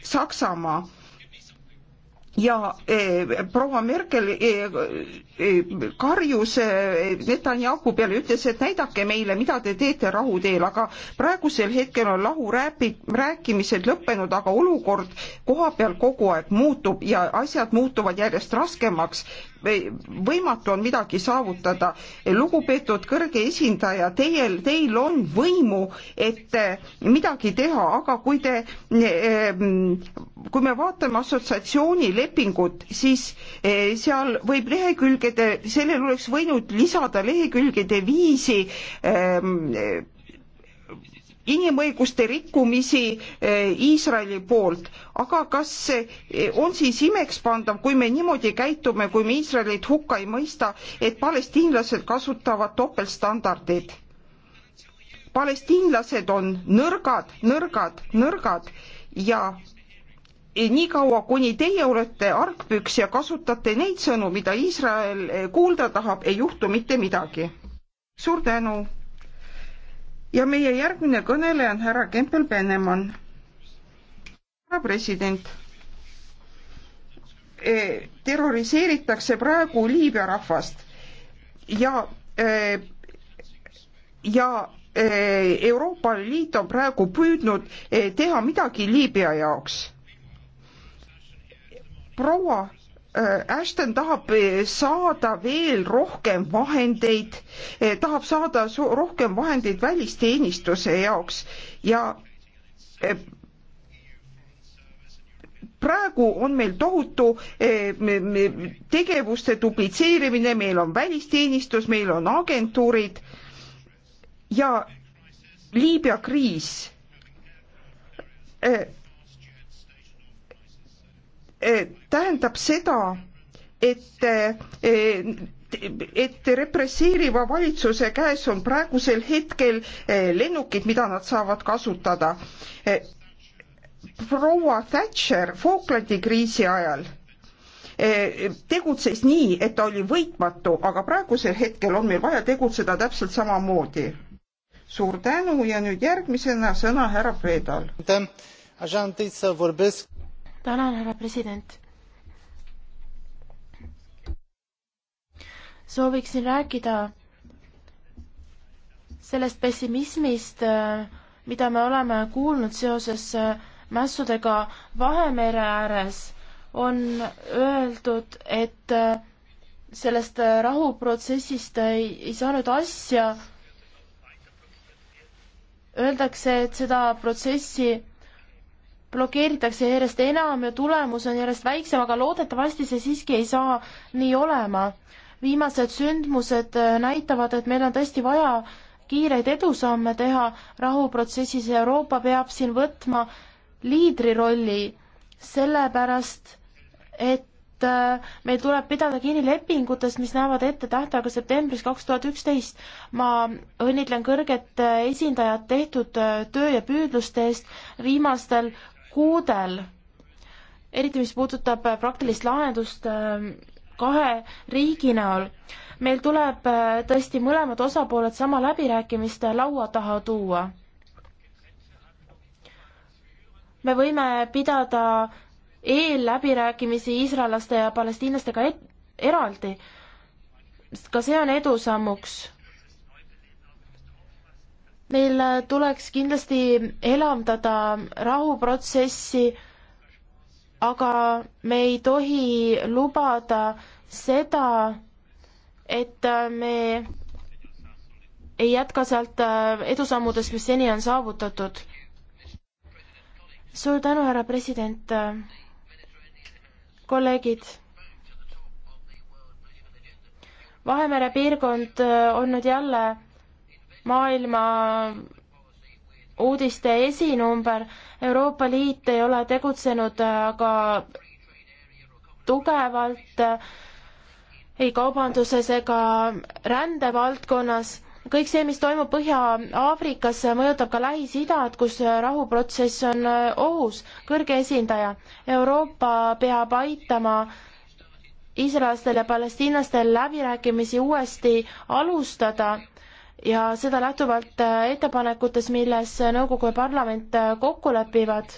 Saksamaa ja proua Merkel karjus eh, Netanyahu peale, ütles, et näidake meile, mida te teete rahu teel, aga praegusel hetkel on lahu rääpi, rääkimised lõppenud, aga olukord koha peal kogu aeg muutub ja asjad muutuvad järjest raskemaks. võimatu on midagi saavutada. lugupeetud kõrge esindaja, teil, teil on võimu, et eh, midagi teha, aga kui te, eh, kui me vaatame assotsiatsioonilepingut, siis seal võib lehekülge lehekülgede, sellel oleks võinud lisada lehekülgede viisi ähm, inimõiguste rikkumisi eh, Iisraeli poolt, aga kas on siis imekspandav, kui me niimoodi käitume, kui me Iisraelit hukka ei mõista, et palestiinlased kasutavad topeltstandardeid? palestiinlased on nõrgad, nõrgad, nõrgad ja Eh, niikaua, kuni teie olete argpüks ja kasutate neid sõnu, mida Iisrael eh, kuulda tahab, ei juhtu mitte midagi. suur tänu. ja meie järgmine kõneleja on härra Kempel-Pennemann. härra president, eh, terroriseeritakse praegu Liibüa rahvast ja ja Euroopa Liit on praegu püüdnud teha midagi Liibüa jaoks proua äh, Ashton tahab äh, saada veel rohkem vahendeid, äh, tahab saada rohkem vahendeid välisteenistuse jaoks ja praegu on meil tohutu tegevuste duplitseerimine, meil on välisteenistus, meil on agentuurid ja Liibüa kriis Eh, tähendab seda, et eh, et represseeriva valitsuse käes on praegusel hetkel eh, lennukid, mida nad saavad kasutada. proua Thatcher Falklandi kriisi ajal tegutses nii, et ta oli võitmatu, aga praegusel hetkel on meil vaja tegutseda täpselt samamoodi. suur tänu ja nüüd järgmisena sõna härra Predal tänan, härra president. sooviksin rääkida sellest pessimismist, äh, mida me oleme kuulnud seoses äh, mässudega Vahemere ääres, on öeldud, et äh, sellest rahuprotsessist ei, ei saanud asja. Öeldakse, et seda protsessi blokeeritakse järjest enam ja tulemus on järjest väiksem, aga loodetavasti see siiski ei saa nii olema. viimased sündmused äh, näitavad, et meil on tõesti vaja kiireid edusamme teha rahuprotsessis ja Euroopa peab siin võtma liidrirolli, sellepärast et äh, meil tuleb pidada kinni lepingutest, mis näevad ette tähtaega septembris kaks tuhat üksteist. ma õnnitlen kõrget äh, esindajat tehtud töö ja püüdluste eest. viimastel kuudel, eriti mis puudutab äh, praktilist lahendust äh, kahe riigi näol, meil tuleb äh, tõesti mõlemad osapooled sama läbirääkimiste laua taha tuua. me võime pidada eelläbirääkimisi iisraellaste ja palestiinlastega eraldi, sest ka see on edusammuks meil tuleks kindlasti elavdada rahuprotsessi, aga me ei tohi lubada seda, et me ei jätka sealt äh, edusammudest, mis seni on saavutatud. suur tänu, härra president. kolleegid. Vahemere piirkond äh, on nüüd jälle maailma uudiste esinumber. Euroopa Liit ei ole tegutsenud aga tugevalt ei kaubanduses ega rändevaldkonnas. kõik see, mis toimub Põhja-Aafrikas, mõjutab ka Lähis-Idad, kus rahuprotsess on äh, ohus. kõrge esindaja, Euroopa peab aitama iisraellastel ja palestiinlastel läbirääkimisi uuesti alustada ja seda lähtuvalt äh, ettepanekutes, milles nõukogu ja parlament äh, kokku lepivad.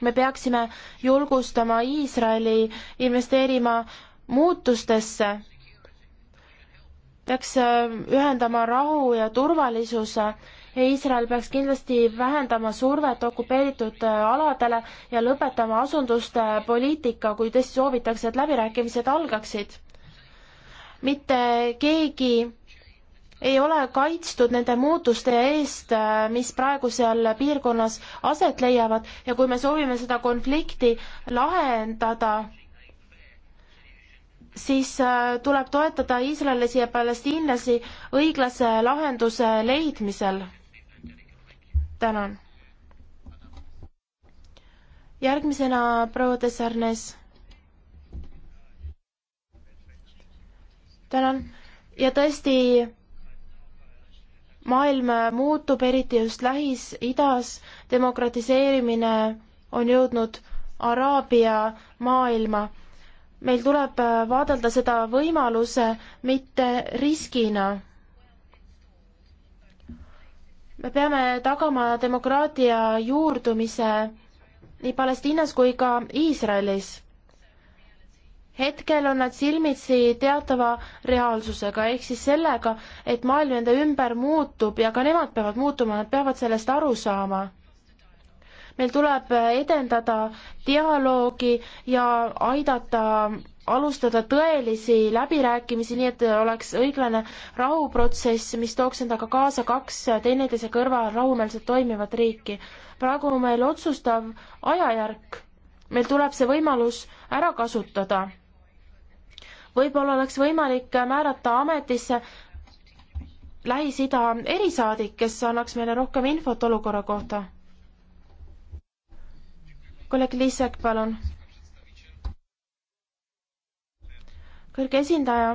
me peaksime julgustama Iisraeli investeerima muutustesse, peaks äh, ühendama rahu ja turvalisuse ja Iisrael peaks kindlasti vähendama survet okupeeritud aladele ja lõpetama asunduste poliitika, kui tõesti soovitakse, et läbirääkimised algaksid. mitte keegi ei ole kaitstud nende muutuste eest, äh, mis praegu seal piirkonnas aset leiavad ja kui me soovime seda konflikti lahendada, siis äh, tuleb toetada iisraellasi ja palestiinlasi õiglase lahenduse leidmisel. tänan. järgmisena proua Desarnes. tänan ja tõesti maailm muutub, eriti just Lähis-Idas, demokratiseerimine on jõudnud Araabia maailma. meil tuleb vaadelda seda võimaluse, mitte riskina. me peame tagama demokraatia juurdumise nii Palestiinas kui ka Iisraelis hetkel on nad silmitsi teatava reaalsusega, ehk siis sellega, et maailm nende ümber muutub ja ka nemad peavad muutuma, nad peavad sellest aru saama. meil tuleb edendada dialoogi ja aidata alustada tõelisi läbirääkimisi, nii et oleks õiglane rahuprotsess, mis tooks endaga kaasa kaks teineteise kõrval rahumeelselt toimivat riiki. praegu on meil otsustav ajajärk, meil tuleb see võimalus ära kasutada võib-olla oleks võimalik määrata ametisse Lähis-Ida erisaadik, kes annaks meile rohkem infot olukorra kohta. kolleeg Liisek, palun. kõrge esindaja,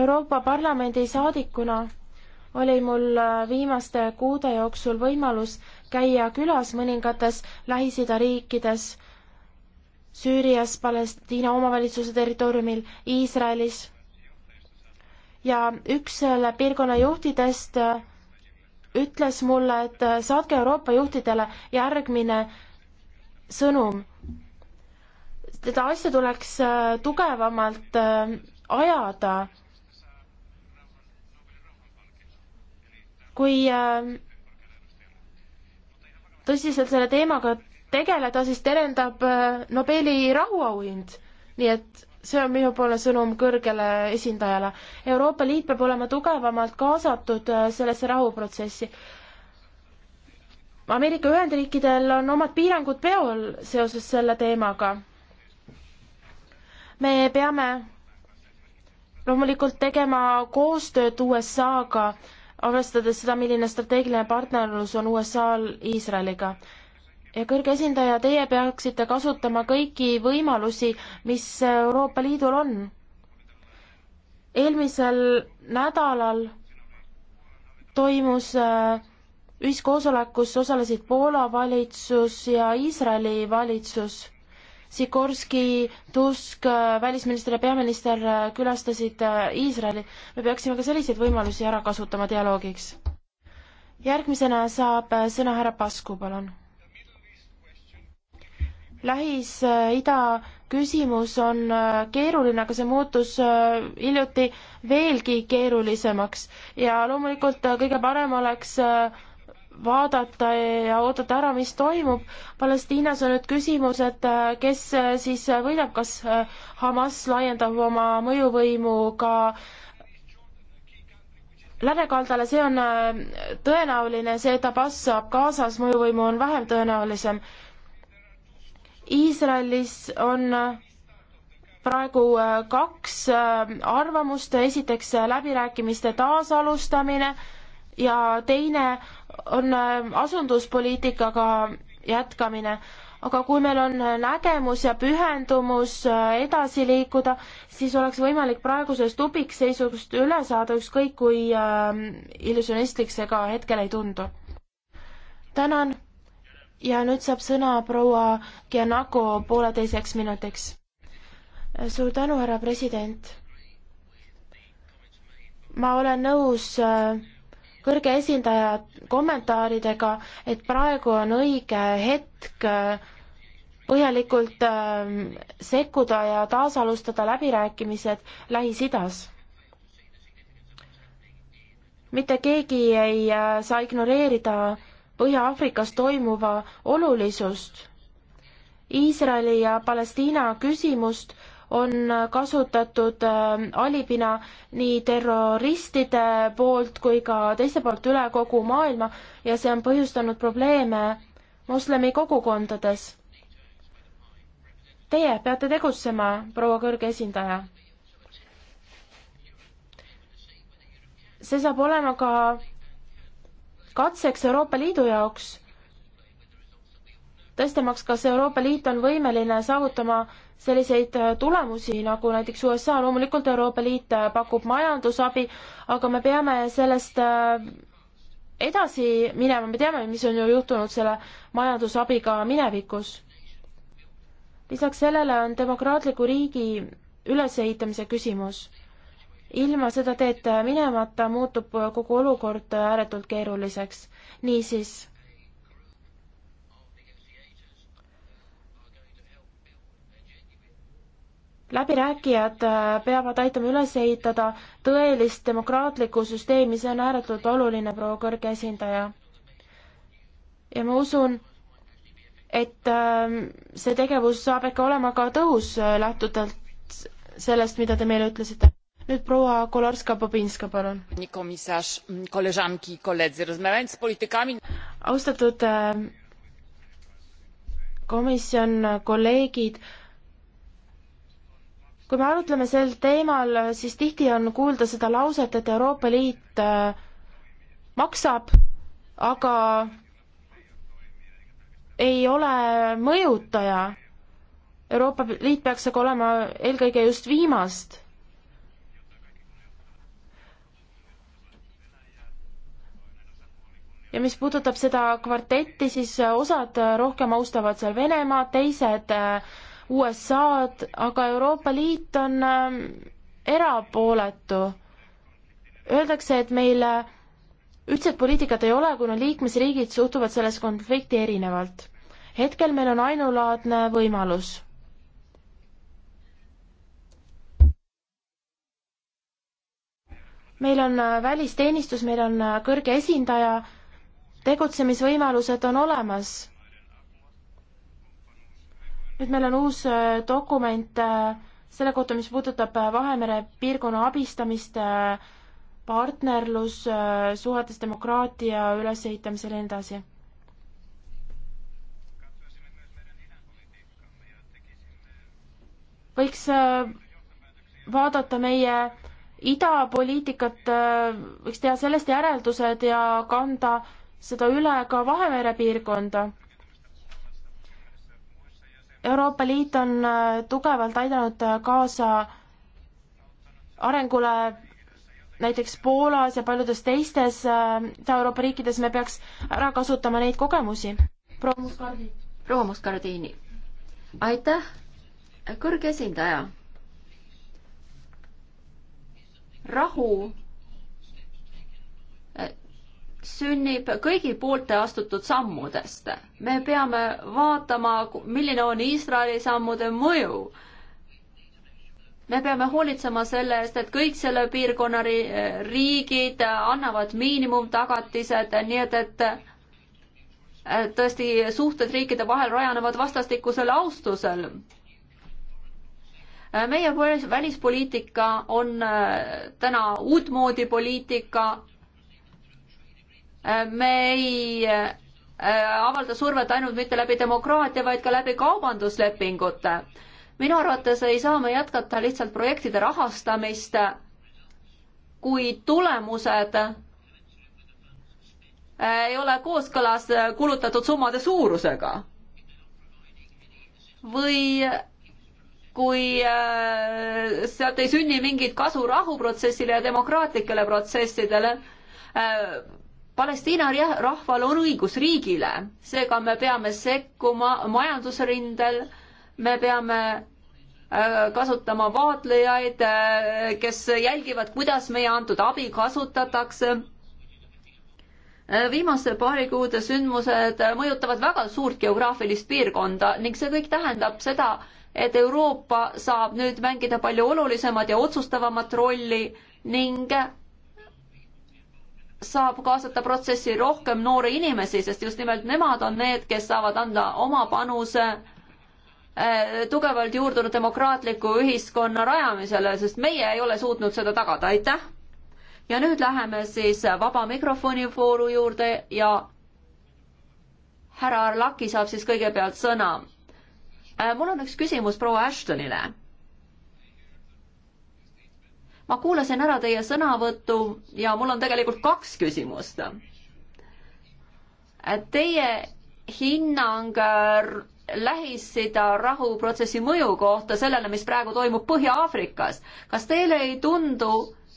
Euroopa Parlamendi saadikuna oli mul viimaste kuude jooksul võimalus käia külas mõningates Lähis-Ida riikides Süürias, Palestiina omavalitsuse territooriumil, Iisraelis. ja üks selle piirkonna juhtidest äh, ütles mulle, et äh, saatke Euroopa juhtidele järgmine sõnum. seda asja tuleks äh, tugevamalt ajada. kui tõsiselt selle teemaga tegeleda, siis terendab äh, Nobeli rahuauhind. nii et see on minu poole sõnum kõrgele esindajale. Euroopa Liit peab olema tugevamalt kaasatud äh, sellesse rahuprotsessi. Ameerika Ühendriikidel on omad piirangud peol seoses selle teemaga. me peame loomulikult tegema koostööd USA-ga, arvestades seda, milline strateegiline partnerlus on USA-l Iisraeliga ja kõrge esindaja, teie peaksite kasutama kõiki võimalusi, mis Euroopa Liidul on. eelmisel nädalal toimus äh, ühiskoosolek, kus osalesid Poola valitsus ja Iisraeli valitsus. Sikorski, Tusk, äh, välisminister ja peaminister äh, külastasid Iisraeli. me peaksime ka selliseid võimalusi ära kasutama dialoogiks. järgmisena saab sõna härra Pasku, palun Lähis-Ida küsimus on äh, keeruline, aga see muutus äh, hiljuti veelgi keerulisemaks ja loomulikult äh, kõige parem oleks vaadata ja oodata ära, mis toimub. Palestiinas on nüüd küsimus, et kes siis võidab, kas Hamas laiendab oma mõjuvõimu ka läänekaldale, see on tõenäoline, see, et Abbas saab Gazas mõjuvõimu, on vähem tõenäolisem. Iisraelis on äh, praegu äh, kaks äh, arvamust, esiteks läbirääkimiste taasalustamine ja teine on asunduspoliitikaga jätkamine. aga kui meil on nägemus ja pühendumus edasi liikuda, siis oleks võimalik praegusest tupikseisust üle saada, ükskõik kui illusionistlik see ka hetkel ei tundu. tänan ja nüüd saab sõna proua Giannaco pooleteiseks minutiks. suur tänu, härra president. ma olen nõus äh, kõrge esindaja kommentaaridega, et praegu on õige hetk äh, põhjalikult äh, sekkuda ja taasalustada läbirääkimised Lähis-Idas mitte keegi ei saa ignoreerida Põhja-Aafrikas toimuva olulisust. Iisraeli ja Palestiina küsimust on kasutatud ähm, alibina nii terroristide poolt kui ka teiste poolt üle kogu maailma ja see on põhjustanud probleeme moslemi kogukondades. Teie peate tegutsema, proua kõrge esindaja. see saab olema ka katseks Euroopa Liidu jaoks, tõstamaks, kas Euroopa Liit on võimeline saavutama selliseid äh, tulemusi, nagu näiteks USA, loomulikult Euroopa Liit äh, pakub majandusabi, aga me peame sellest äh, edasi minema, me teame, mis on ju juhtunud selle majandusabiga minevikus. lisaks sellele on demokraatliku riigi ülesehitamise küsimus ilma seda teed minemata muutub kogu olukord ääretult keeruliseks. niisiis. läbirääkijad peavad aitama üles ehitada tõelist demokraatlikku süsteemi, see on ääretult oluline, proua kõrge esindaja. ja ma usun, et ähm, see tegevus saab ikka olema ka tõhus, äh, lähtudelt sellest, mida te meile ütlesite Nüüd proua Kolarska-Bobinska, palun. Mm, rozmawiając z politykami. austatud e, komisjon, kolleegid, kui me arutleme sel teemal, siis tihti on kuulda seda lauset, et Euroopa Liit e, maksab, aga ei ole mõjutaja. Euroopa Liit peaks aga olema eelkõige just viimast ja mis puudutab seda kvartetti, siis äh, osad äh, rohkem austavad seal Venemaad, teised äh, USA-d, aga Euroopa Liit on ähm, erapooletu. Öeldakse, et meil ühtset poliitikat ei ole, kuna liikmesriigid suhtuvad selles konflikti erinevalt. hetkel meil on ainulaadne võimalus meil on välisteenistus, meil on kõrge esindaja tegutsemisvõimalused on olemas. nüüd meil on uus äh, dokument äh, selle kohta, mis puudutab äh, Vahemere piirkonna abistamist partnerlus suhetes demokraatia ülesehitamisel ja nii edasi. võiks vaadata meie idapoliitikat, võiks teha sellest järeldused ja kanda seda üle ka Vahemere piirkonda. Euroopa Liit on äh, tugevalt aidanud äh, kaasa arengule näiteks Poolas ja paljudes teistes äh, Ida-Euroopa riikides me peaks ära kasutama neid kogemusi. proua Muskardi. proua Muskardiini, aitäh, kõrge esindaja. rahu sünnib kõigi poolte astutud sammudest. me peame vaatama, milline on Iisraeli sammude mõju. me peame hoolitsema selle eest, et kõik selle piirkonna riigid annavad miinimumtagatised, nii et, et tõesti suhted riikide vahel rajanevad vastastikusel austusel. meie välispoliitika on äh, täna uutmoodi poliitika Äh, me ei äh, avalda survet ainult mitte läbi demokraatia, vaid ka läbi kaubanduslepingute. minu arvates ei saa me jätkata lihtsalt projektide rahastamist, kui tulemused äh, ei ole kooskõlas kulutatud summade suurusega. või kui äh, sealt ei sünni mingit kasu rahuprotsessile ja demokraatlikele protsessidele äh,, Palestiina rahval on õigus riigile, seega me peame sekkuma majandusrindel, me peame äh, kasutama vaatlejaid, äh, kes jälgivad, kuidas meie antud abi kasutatakse. Äh, viimase paari kuude sündmused mõjutavad väga suurt geograafilist piirkonda ning see kõik tähendab seda, et Euroopa saab nüüd mängida palju olulisemat ja otsustavamat rolli ning saab kaasata protsessi rohkem noori inimesi, sest just nimelt nemad on need, kes saavad anda oma panuse eh, tugevalt juurdunud demokraatliku ühiskonna rajamisele, sest meie ei ole suutnud seda tagada, aitäh! ja nüüd läheme siis vaba mikrofoni vooru juurde ja härra Arlaki saab siis kõigepealt sõna. Eh, mul on üks küsimus proua Ashtonile ma kuulasin ära teie sõnavõttu ja mul on tegelikult kaks küsimust. Teie hinnang äh, Lähis-Ida rahuprotsessi mõju kohta sellele, mis praegu toimub Põhja-Aafrikas. kas teile ei tundu,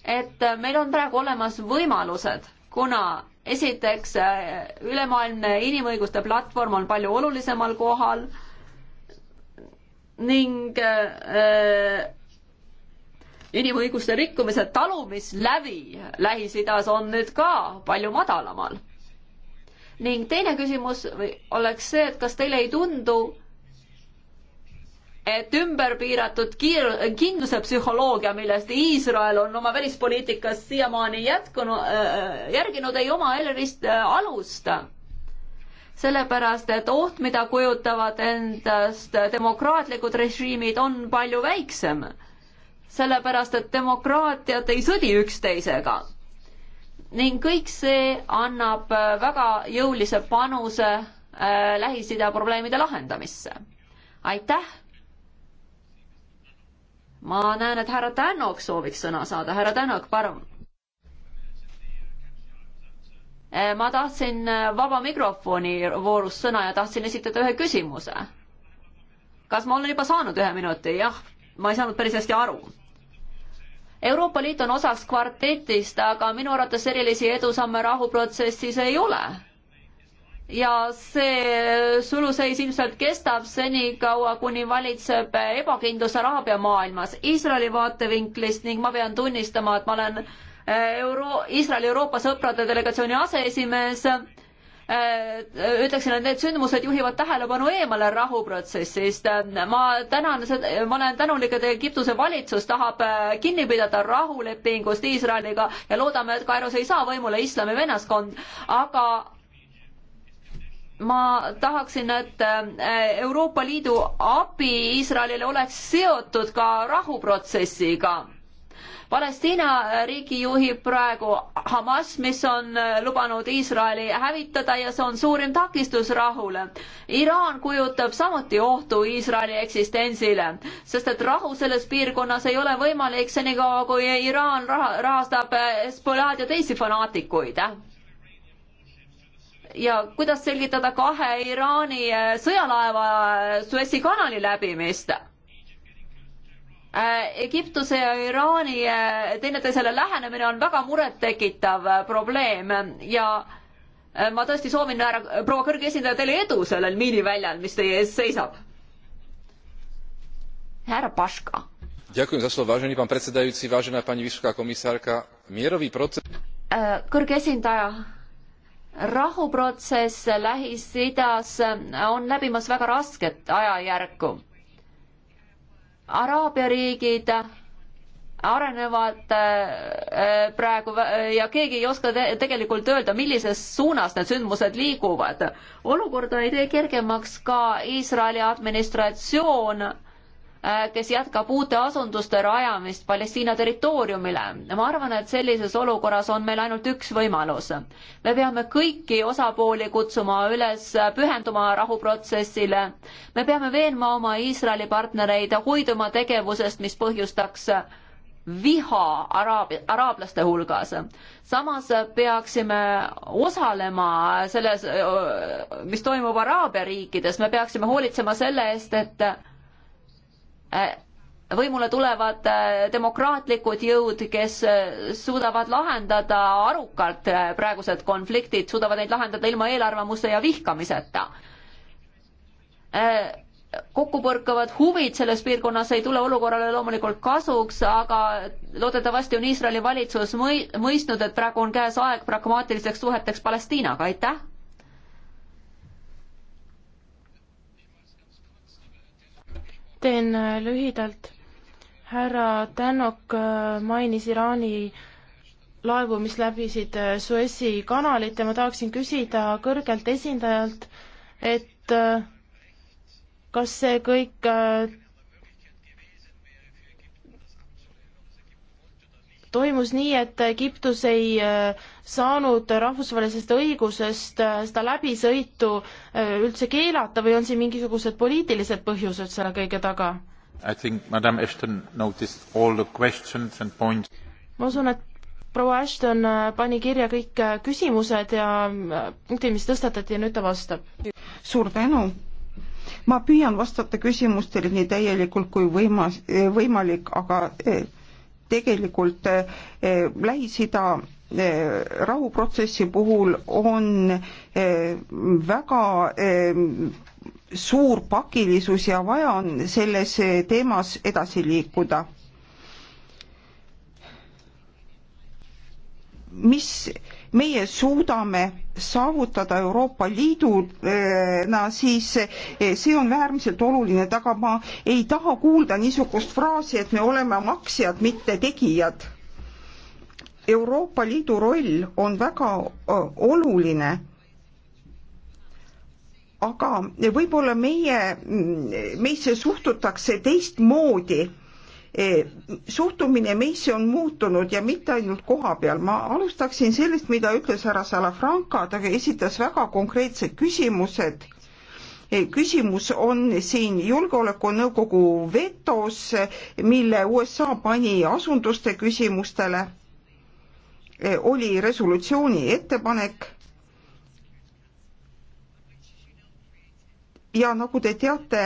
et meil on praegu olemas võimalused, kuna esiteks äh, ülemaailmne inimõiguste platvorm on palju olulisemal kohal ning äh, inimõiguste rikkumise talumislävi Lähis-Idas on nüüd ka palju madalamal. ning teine küsimus oleks see, et kas teile ei tundu, et ümber piiratud kiir-, kindluse psühholoogia, millest Iisrael on oma välispoliitikas siiamaani jätkunud äh,, järginud, ei oma erilist äh, alust sellepärast, et oht, mida kujutavad endast demokraatlikud režiimid, on palju väiksem sellepärast et demokraatiad ei sõdi üksteisega. ning kõik see annab äh, väga jõulise panuse äh, Lähis-Ida probleemide lahendamisse. aitäh! ma näen, et härra Tänok sooviks sõna saada, härra Tänok, palun. Äh, ma tahtsin äh, vaba mikrofoni voorus sõna ja tahtsin esitada ühe küsimuse. kas ma olen juba saanud ühe minuti, jah? ma ei saanud päris hästi aru. Euroopa Liit on osaks kvartetist, aga minu arvates erilisi edusamme rahuprotsessis ei ole. ja see suluseis ilmselt kestab senikaua, kuni valitseb ebakindlus Araabia maailmas, Iisraeli vaatevinklist ning ma pean tunnistama, et ma olen eh, Euro-, Iisraeli Euroopa sõprade delegatsiooni aseesimees Äh, ütleksin, et need sündmused juhivad tähelepanu eemale rahuprotsessist. Äh, ma tänan, ma olen tänulik, et Egiptuse valitsus tahab äh, kinni pidada rahulepingust Iisraeliga ja loodame, et Kairos ei saa võimule islami vennaskond, aga ma tahaksin, et Euroopa Liidu abi Iisraelile oleks seotud ka rahuprotsessiga Palestiina riigi juhib praegu Hamas, mis on äh, lubanud Iisraeli hävitada ja see on suurim takistus rahule. Iraan kujutab samuti ohtu Iisraeli eksistentsile, sest et rahu selles piirkonnas ei ole võimalik senikaua, kui Iraan raha, rahastab äh, Hezbollah'd ja teisi fanaatikuid ja kuidas selgitada kahe Iraani äh, sõjalaeva Suessi kanali läbimist? Äh, Egiptuse ja Iraani äh, teineteisele lähenemine on väga murettekitav äh, probleem ja ma tõesti soovin, proua kõrge esindaja, teile edu sellel miiniväljal, mis teie ees seisab. härra Paška. kõrge esindaja, rahuprotsess Lähis-Idas on läbimas väga rasket ajajärku Araabia riigid arenevad äh, äh, praegu äh, ja keegi ei oska te tegelikult öelda, millises suunas need sündmused liiguvad. olukorda ei tee kergemaks ka Iisraeli administratsioon Äh, kes jätkab uute asunduste rajamist Palestiina territooriumile. ma arvan, et sellises olukorras on meil ainult üks võimalus. me peame kõiki osapooli kutsuma üles pühenduma rahuprotsessile. me peame veenma oma Iisraeli partnereid hoiduma tegevusest, mis põhjustaks viha araabi, araablaste hulgas. samas peaksime osalema selles, mis toimub Araabia riikides, me peaksime hoolitsema selle eest, et Äh, võimule tulevad äh, demokraatlikud jõud, kes äh, suudavad lahendada arukalt praegused konfliktid, suudavad neid lahendada ilma eelarvamuste ja vihkamiseta. kokkupõrkavad huvid selles piirkonnas ei tule olukorrale loomulikult kasuks, aga loodetavasti on Iisraeli valitsus mõi-, mõistnud, et praegu on käes aeg pragmaatilisteks suheteks Palestiinaga, aitäh! teen äh, lühidalt. härra Tänok äh, mainis Iraani laevu, mis läbisid äh, Suessi kanalit ja ma tahaksin küsida kõrgelt esindajalt, et kas see kõik toimus nii, et Egiptus ei äh, saanud rahvusvahelisest õigusest äh, seda läbisõitu äh, üldse keelata või on siin mingisugused poliitilised põhjused selle kõige taga? ma usun, et proua Ashton pani kirja kõik küsimused ja punktid, mis tõstatati ja nüüd ta vastab. suur tänu ma püüan vastata küsimustele nii täielikult kui võimas, võimalik, aga tegelikult eh, Lähis-Ida eh, rahuprotsessi puhul on eh, väga suur pakilisus ja vaja on selles teemas edasi liikuda. mis meie suudame saavutada Euroopa Liiduna, siis eh, see on äärmiselt oluline, aga ma ei taha kuulda niisugust fraasi, et me oleme maksjad, mitte tegijad. Euroopa Liidu roll on väga oluline aga võib-olla meie, meisse suhtutakse teistmoodi Eh, suhtumine meisse on muutunud ja mitte ainult koha peal. ma alustaksin sellest, mida ütles härra Salafranca, ta esitas väga konkreetsed küsimused. Eh, küsimus on siin Julgeolekunõukogu vetos, mille USA pani asunduste küsimustele. Eh, oli resolutsiooni ettepanek. ja nagu te teate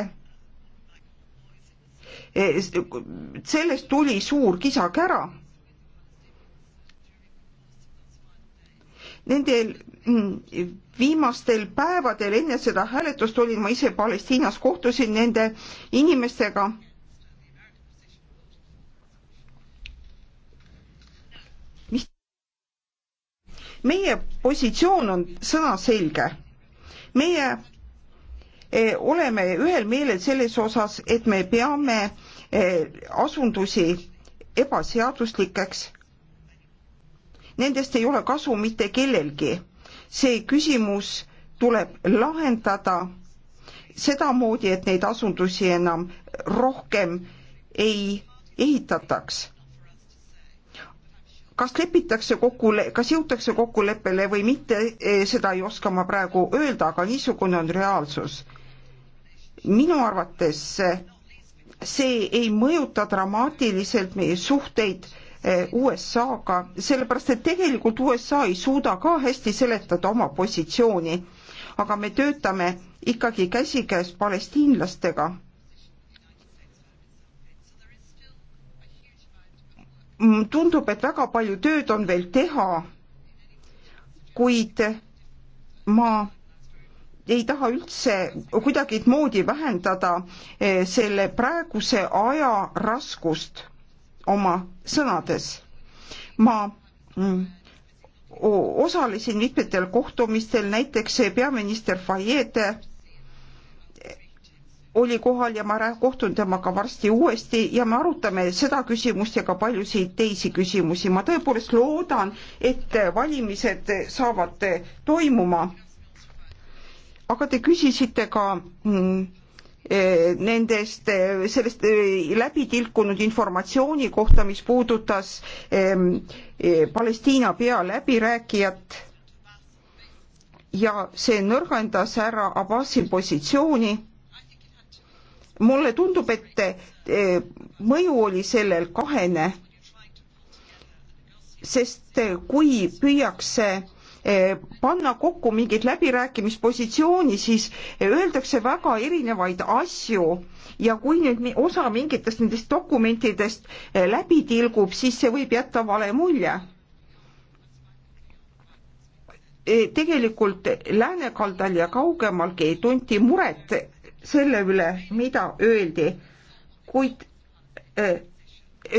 Eh, sellest tuli suur kisakära. Nendel mm, viimastel päevadel enne seda hääletust olin ma ise Palestiinas, kohtusin nende inimestega meie positsioon on sõnaselge. meie E, oleme ühel meelel selles osas, et me peame e, asundusi ebaseaduslikeks. Nendest ei ole kasu mitte kellelgi. see küsimus tuleb lahendada sedamoodi, et neid asundusi enam rohkem ei ehitataks. kas lepitakse kokku, kas jõutakse kokkuleppele või mitte, e, seda ei oska ma praegu öelda, aga niisugune on reaalsus minu arvates see ei mõjuta dramaatiliselt meie suhteid eh, USA-ga, sellepärast et tegelikult USA ei suuda ka hästi seletada oma positsiooni, aga me töötame ikkagi käsikäes palestiinlastega. Mm, tundub, et väga palju tööd on veel teha, kuid ma ei taha üldse kuidagimoodi vähendada eh, selle praeguse aja raskust oma sõnades. ma mm, osalesin mitmetel kohtumistel, näiteks peaminister Fayete eh, oli kohal ja ma kohtun temaga varsti uuesti ja me arutame seda küsimust ja ka paljusid teisi küsimusi. ma tõepoolest loodan, et valimised saavad toimuma aga te küsisite ka mm, eh, nendest, eh, sellest eh, läbi tilkunud informatsiooni kohta, mis puudutas ehm, Palestiina pealäbirääkijat ja see nõrgendas härra Abbasi positsiooni. mulle tundub, et mõju oli sellel kahene, sest kui püüakse Eh, panna kokku mingit läbirääkimispositsiooni, siis öeldakse väga erinevaid asju ja kui nüüd osa mingitest nendest dokumentidest eh, läbi tilgub, siis see võib jätta vale mulje. Eh, tegelikult läänekaldal ja kaugemalgi tunti muret selle üle, mida öeldi, kuid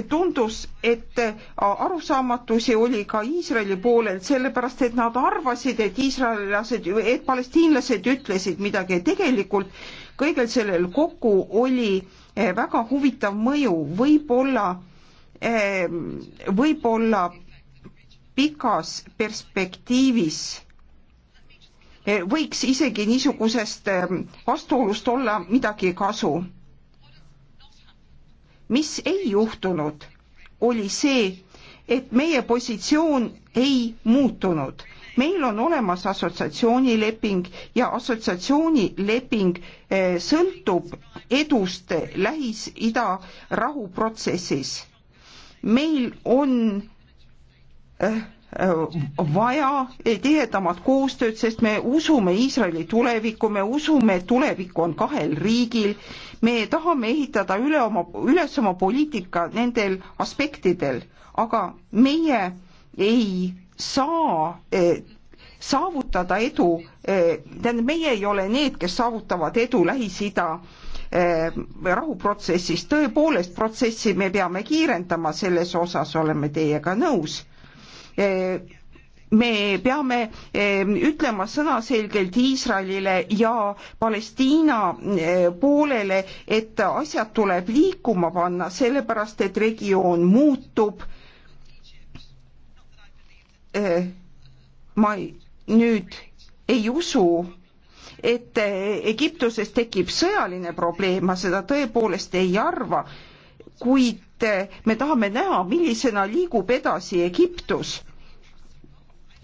tundus, et arusaamatusi oli ka Iisraeli poolel, sellepärast et nad arvasid, et iisraellased, et palestiinlased ütlesid midagi, tegelikult kõigel sellel kokku oli eh, väga huvitav mõju, võib-olla, eh, võib-olla pikas perspektiivis eh, võiks isegi niisugusest vastuolust olla midagi kasu mis ei juhtunud, oli see, et meie positsioon ei muutunud. meil on olemas assotsiatsioonileping ja assotsiatsioonileping eh, sõltub edust Lähis-Ida rahuprotsessis. meil on äh, Äh, vaja tihedamat koostööd, sest me usume Iisraeli tulevikku, me usume, et tulevik on kahel riigil. me tahame ehitada üle oma, üles oma poliitika nendel aspektidel, aga meie ei saa eh, saavutada edu, eh, tähendab, meie ei ole need, kes saavutavad edu Lähis-Ida eh, rahuprotsessis, tõepoolest protsessi me peame kiirendama, selles osas oleme teiega nõus Eh, me peame eh, ütlema sõnaselgelt Iisraelile ja Palestiina eh, poolele, et asjad tuleb liikuma panna, sellepärast et regioon muutub. ma nüüd ei usu, et Egiptuses tekib sõjaline probleem, ma seda tõepoolest ei arva, kuid me tahame näha, millisena liigub edasi Egiptus.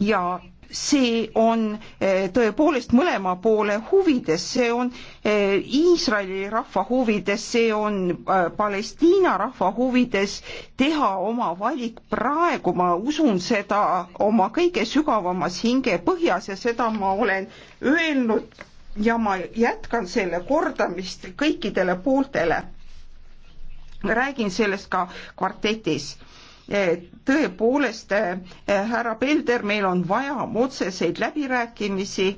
ja see on eh, tõepoolest mõlema poole huvides, see on eh, Iisraeli rahva huvides, see on eh, Palestiina rahva huvides teha oma valik praegu, ma usun seda oma kõige sügavamas hingepõhjas ja seda ma olen öelnud ja ma jätkan selle kordamist kõikidele pooltele räägin sellest ka kvartetis e, tõepoolest, e, härra Pelder, meil on vaja otseseid läbirääkimisi.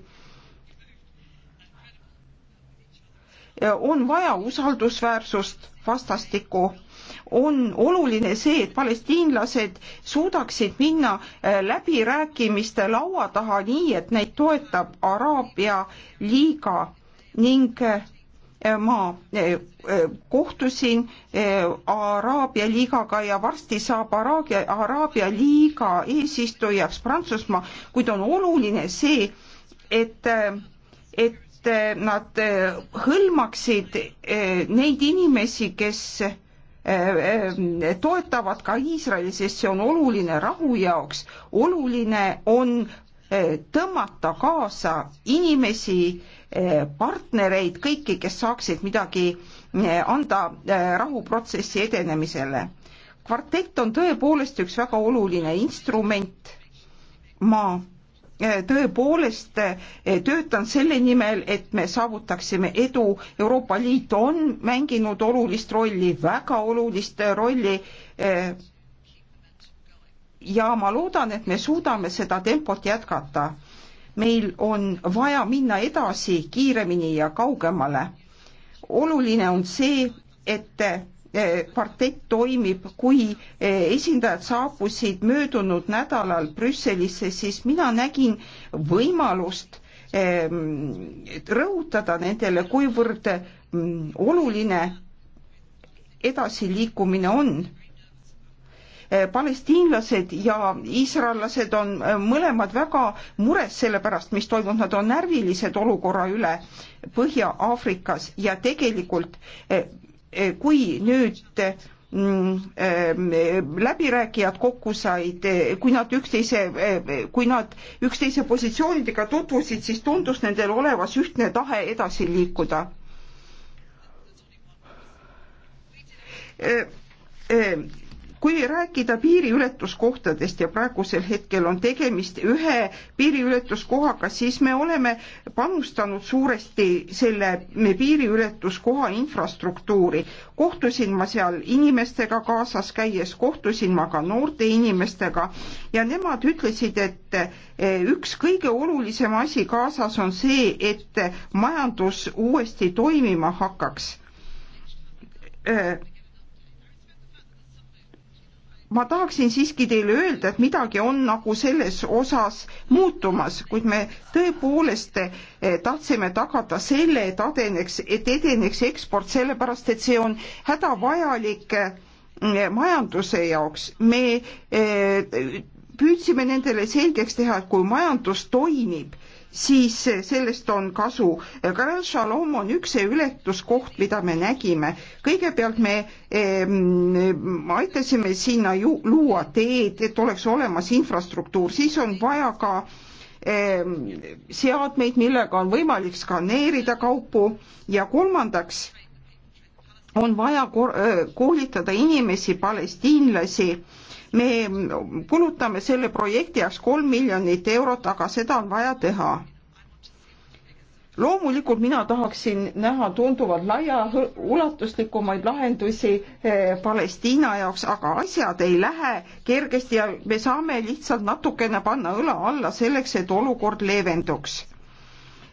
E, on vaja usaldusväärsust vastastikku, on oluline see, et palestiinlased suudaksid minna läbirääkimiste laua taha nii, et neid toetab Araabia liiga ning Eh, ma eh, eh, kohtusin Araabia liigaga ja varsti saab Araabia, Araabia liiga eesistujaks Prantsusmaa, kuid on oluline see, et, et nad hõlmaksid neid inimesi, kes toetavad ka Iisraeli, sest see on oluline rahu jaoks. oluline on tõmmata kaasa inimesi, Eh, partnereid, kõiki, kes saaksid midagi eh, anda eh, rahuprotsessi edenemisele. kvartett on tõepoolest üks väga oluline instrument. ma tõepoolest töötan selle nimel, et me saavutaksime edu. Euroopa Liit on mänginud olulist rolli, väga olulist rolli. ja ma loodan, et me suudame seda tempot jätkata meil on vaja minna edasi kiiremini ja kaugemale. oluline on see, et eh, kvartett toimib, kui eh, esindajad saabusid möödunud nädalal Brüsselisse, siis mina nägin võimalust eh, rõhutada nendele, kuivõrd mm, oluline edasiliikumine on Eh, palestiinlased ja iisraellased on eh, mõlemad väga mures selle pärast, mis toimub, nad on närvilised olukorra üle Põhja-Aafrikas ja tegelikult eh, kui nüüd mm, läbirääkijad kokku said, kui nad üksteise, kui nad üksteise positsioonidega tutvusid, siis tundus nendel olevas ühtne tahe edasi liikuda kui rääkida piiriületuskohtadest ja praegusel hetkel on tegemist ühe piiriületuskohaga, siis me oleme panustanud suuresti selle piiriületuskoha infrastruktuuri. kohtusin ma seal inimestega kaasas käies, kohtusin ma ka noorte inimestega ja nemad ütlesid, et eh, üks kõige olulisem asi kaasas on see, et majandus uuesti toimima hakkaks eh, ma tahaksin siiski teile öelda, et midagi on nagu selles osas muutumas, kuid me tõepoolest eh, tahtsime tagada selle, et adeneks, et edeneks eksport, sellepärast et see on hädavajalik eh, majanduse jaoks. me eh, püüdsime nendele selgeks teha, et kui majandus toimib, siis sellest on kasu. Grand Shalom on üks see ületuskoht, mida me nägime. kõigepealt me ehm, aitasime sinna ju, luua teed, et oleks olemas infrastruktuur, siis on vaja ka ehm, seadmeid, millega on võimalik skaneerida kaupu ja kolmandaks on vaja koolitada inimesi, palestiinlasi me kulutame selle projekti jaoks kolm miljonit eurot, aga seda on vaja teha. loomulikult mina tahaksin näha tunduvalt laiaulatuslikumaid lahendusi eh, Palestiina jaoks, aga asjad ei lähe kergesti ja me saame lihtsalt natukene panna õla alla selleks, et olukord leevenduks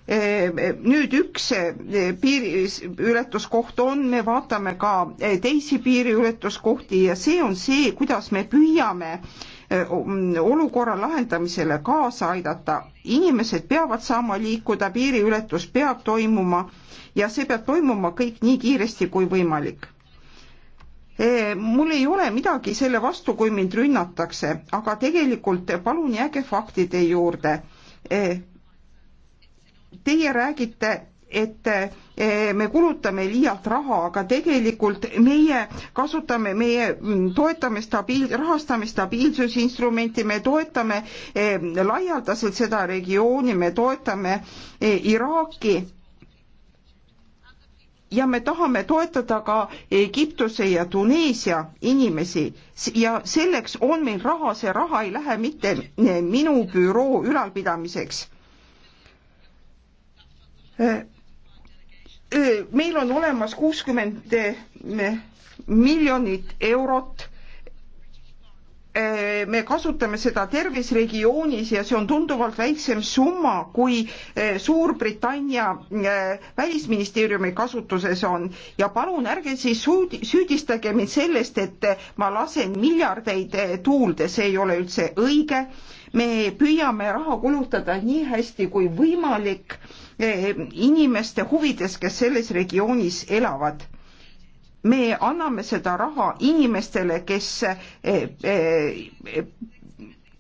Ehm, ehm, nüüd üks eh, piiriületuskoht on, me vaatame ka eh, teisi piiriületuskohti ja see on see, kuidas me püüame eh, mm, olukorra lahendamisele kaasa aidata. inimesed peavad saama liikuda, piiriületus peab toimuma ja see peab toimuma kõik nii kiiresti kui võimalik. mul ei ole midagi selle vastu, kui mind rünnatakse, aga tegelikult palun jääge faktide juurde teie räägite et eh, me kulutame liialt raha, aga tegelikult meie kasutame, meie mm, toetame stabiil-, rahastame stabiilsusinstrumenti, me toetame eh, laialdaselt seda regiooni, me toetame eh, Iraaki ja me tahame toetada ka Egiptuse ja Tuneesia inimesi ja selleks on meil raha, see raha ei lähe mitte minu büroo ülalpidamiseks meil on olemas kuuskümmend eh, miljonit eurot Eh, me kasutame seda terves regioonis ja see on tunduvalt väiksem summa, kui eh, Suurbritannia eh, välisministeeriumi kasutuses on ja palun ärge siis süüdistage mind sellest, et ma lasen miljardeid tuulde, see ei ole üldse õige. me püüame raha kulutada nii hästi kui võimalik inimeste huvides, kes selles regioonis elavad me anname seda raha inimestele, kes eh, eh,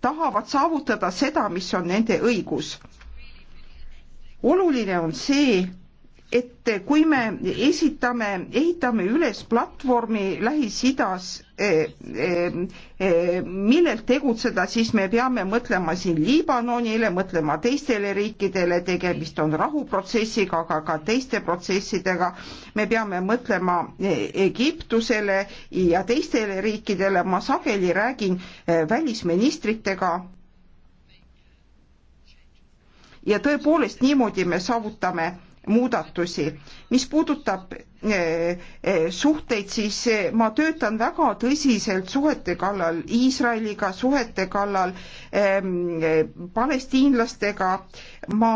tahavad saavutada seda, mis on nende õigus. oluline on see, et kui me esitame, ehitame üles platvormi Lähis-Idas Eh, eh, eh, millelt tegutseda, siis me peame mõtlema siin Liibanonile, mõtlema teistele riikidele, tegemist on rahuprotsessiga, aga ka teiste protsessidega. me peame mõtlema Egiptusele ja teistele riikidele, ma sageli räägin välisministritega. ja tõepoolest niimoodi me saavutame muudatusi, mis puudutab Eh, eh, suhteid, siis eh, ma töötan väga tõsiselt suhete kallal Iisraeliga, suhete kallal ehm, palestiinlastega. ma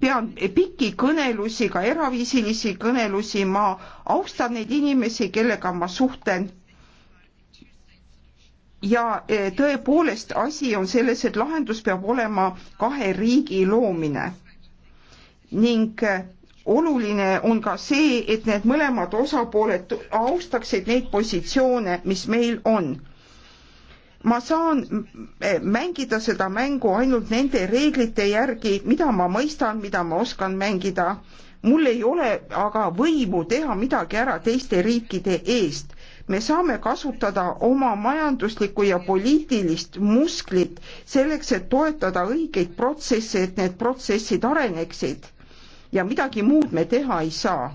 pean pikki kõnelusi, ka eraviisilisi kõnelusi, ma austan neid inimesi, kellega ma suhtlen ja tõepoolest asi on selles, et lahendus peab olema kahe riigi loomine ning oluline on ka see, et need mõlemad osapooled austaksid neid positsioone, mis meil on. ma saan mängida seda mängu ainult nende reeglite järgi, mida ma mõistan, mida ma oskan mängida. mul ei ole aga võimu teha midagi ära teiste riikide eest. me saame kasutada oma majanduslikku ja poliitilist musklit selleks, et toetada õigeid protsesse, et need protsessid areneksid ja midagi muud me teha ei saa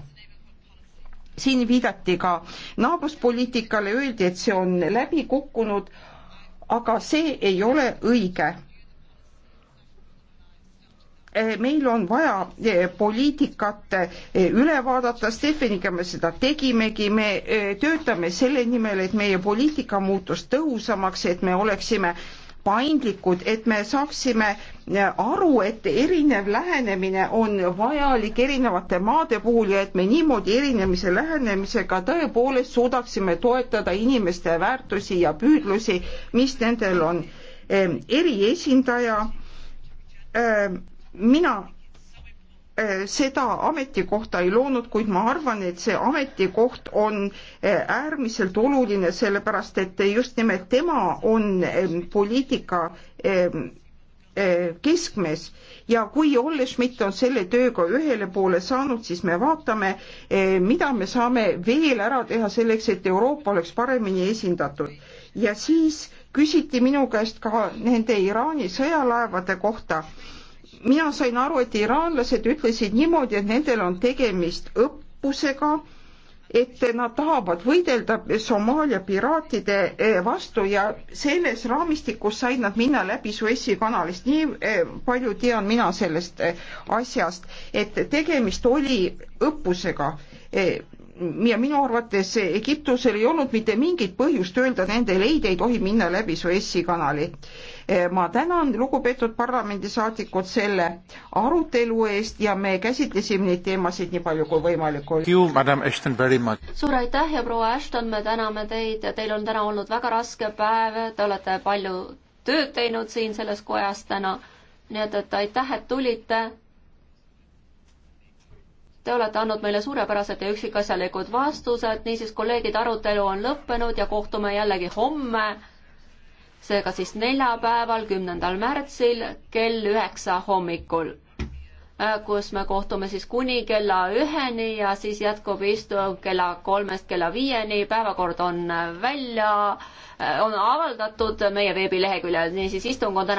siin viidati ka naabruspoliitikale, öeldi, et see on läbi kukkunud, aga see ei ole õige. meil on vaja eh, poliitikat eh, üle vaadata, Stefaniga me seda tegimegi, me eh, töötame selle nimel, et meie poliitika muutus tõhusamaks, et me oleksime paindlikud, et me saaksime äh, aru, et erinev lähenemine on vajalik erinevate maade puhul ja et me niimoodi erinemise lähenemisega tõepoolest suudaksime toetada inimeste väärtusi ja püüdlusi, mis nendel on. Äh, eriesindaja, äh, mina Äh, seda ametikohta ei loonud, kuid ma arvan, et see ametikoht on äh, äärmiselt oluline, sellepärast et just nimelt tema on ähm, poliitika ähm, äh, keskmes ja kui Olle Schmidt on selle tööga ühele poole saanud, siis me vaatame, mida me saame veel ära teha selleks, et Euroopa oleks paremini esindatud. ja siis küsiti minu käest ka nende Iraani sõjalaevade kohta mina sain aru, et iraanlased ütlesid niimoodi, et nendel on tegemist õppusega, et nad tahavad võidelda Somaalia piraatide eh, vastu ja selles raamistikus said nad minna läbi Suessi kanalist. nii eh, palju tean mina sellest eh, asjast, et tegemist oli õppusega ja minu arvates Egiptusel ei olnud mitte mingit põhjust öelda nendele ei, te ei tohi minna läbi Suessi kanali. Eh, ma tänan lugupeetud parlamendisaadikud selle arutelu eest ja me käsitlesime neid teemasid nii palju kui võimalik oli. suur aitäh ja proua Ashton, me täname teid ja teil on täna olnud väga raske päev, te olete palju tööd teinud siin selles kojas täna, nii et, et aitäh, et tulite. Te olete andnud meile suurepärased ja üksikasjalikud vastused, niisiis kolleegid, arutelu on lõppenud ja kohtume jällegi homme seega siis neljapäeval, kümnendal märtsil kell üheksa hommikul, äh, kus me kohtume siis kuni kella üheni ja siis jätkub istung kella kolmest kella viieni, päevakord on välja, äh, on avaldatud meie veebileheküljel, niisiis istung on täna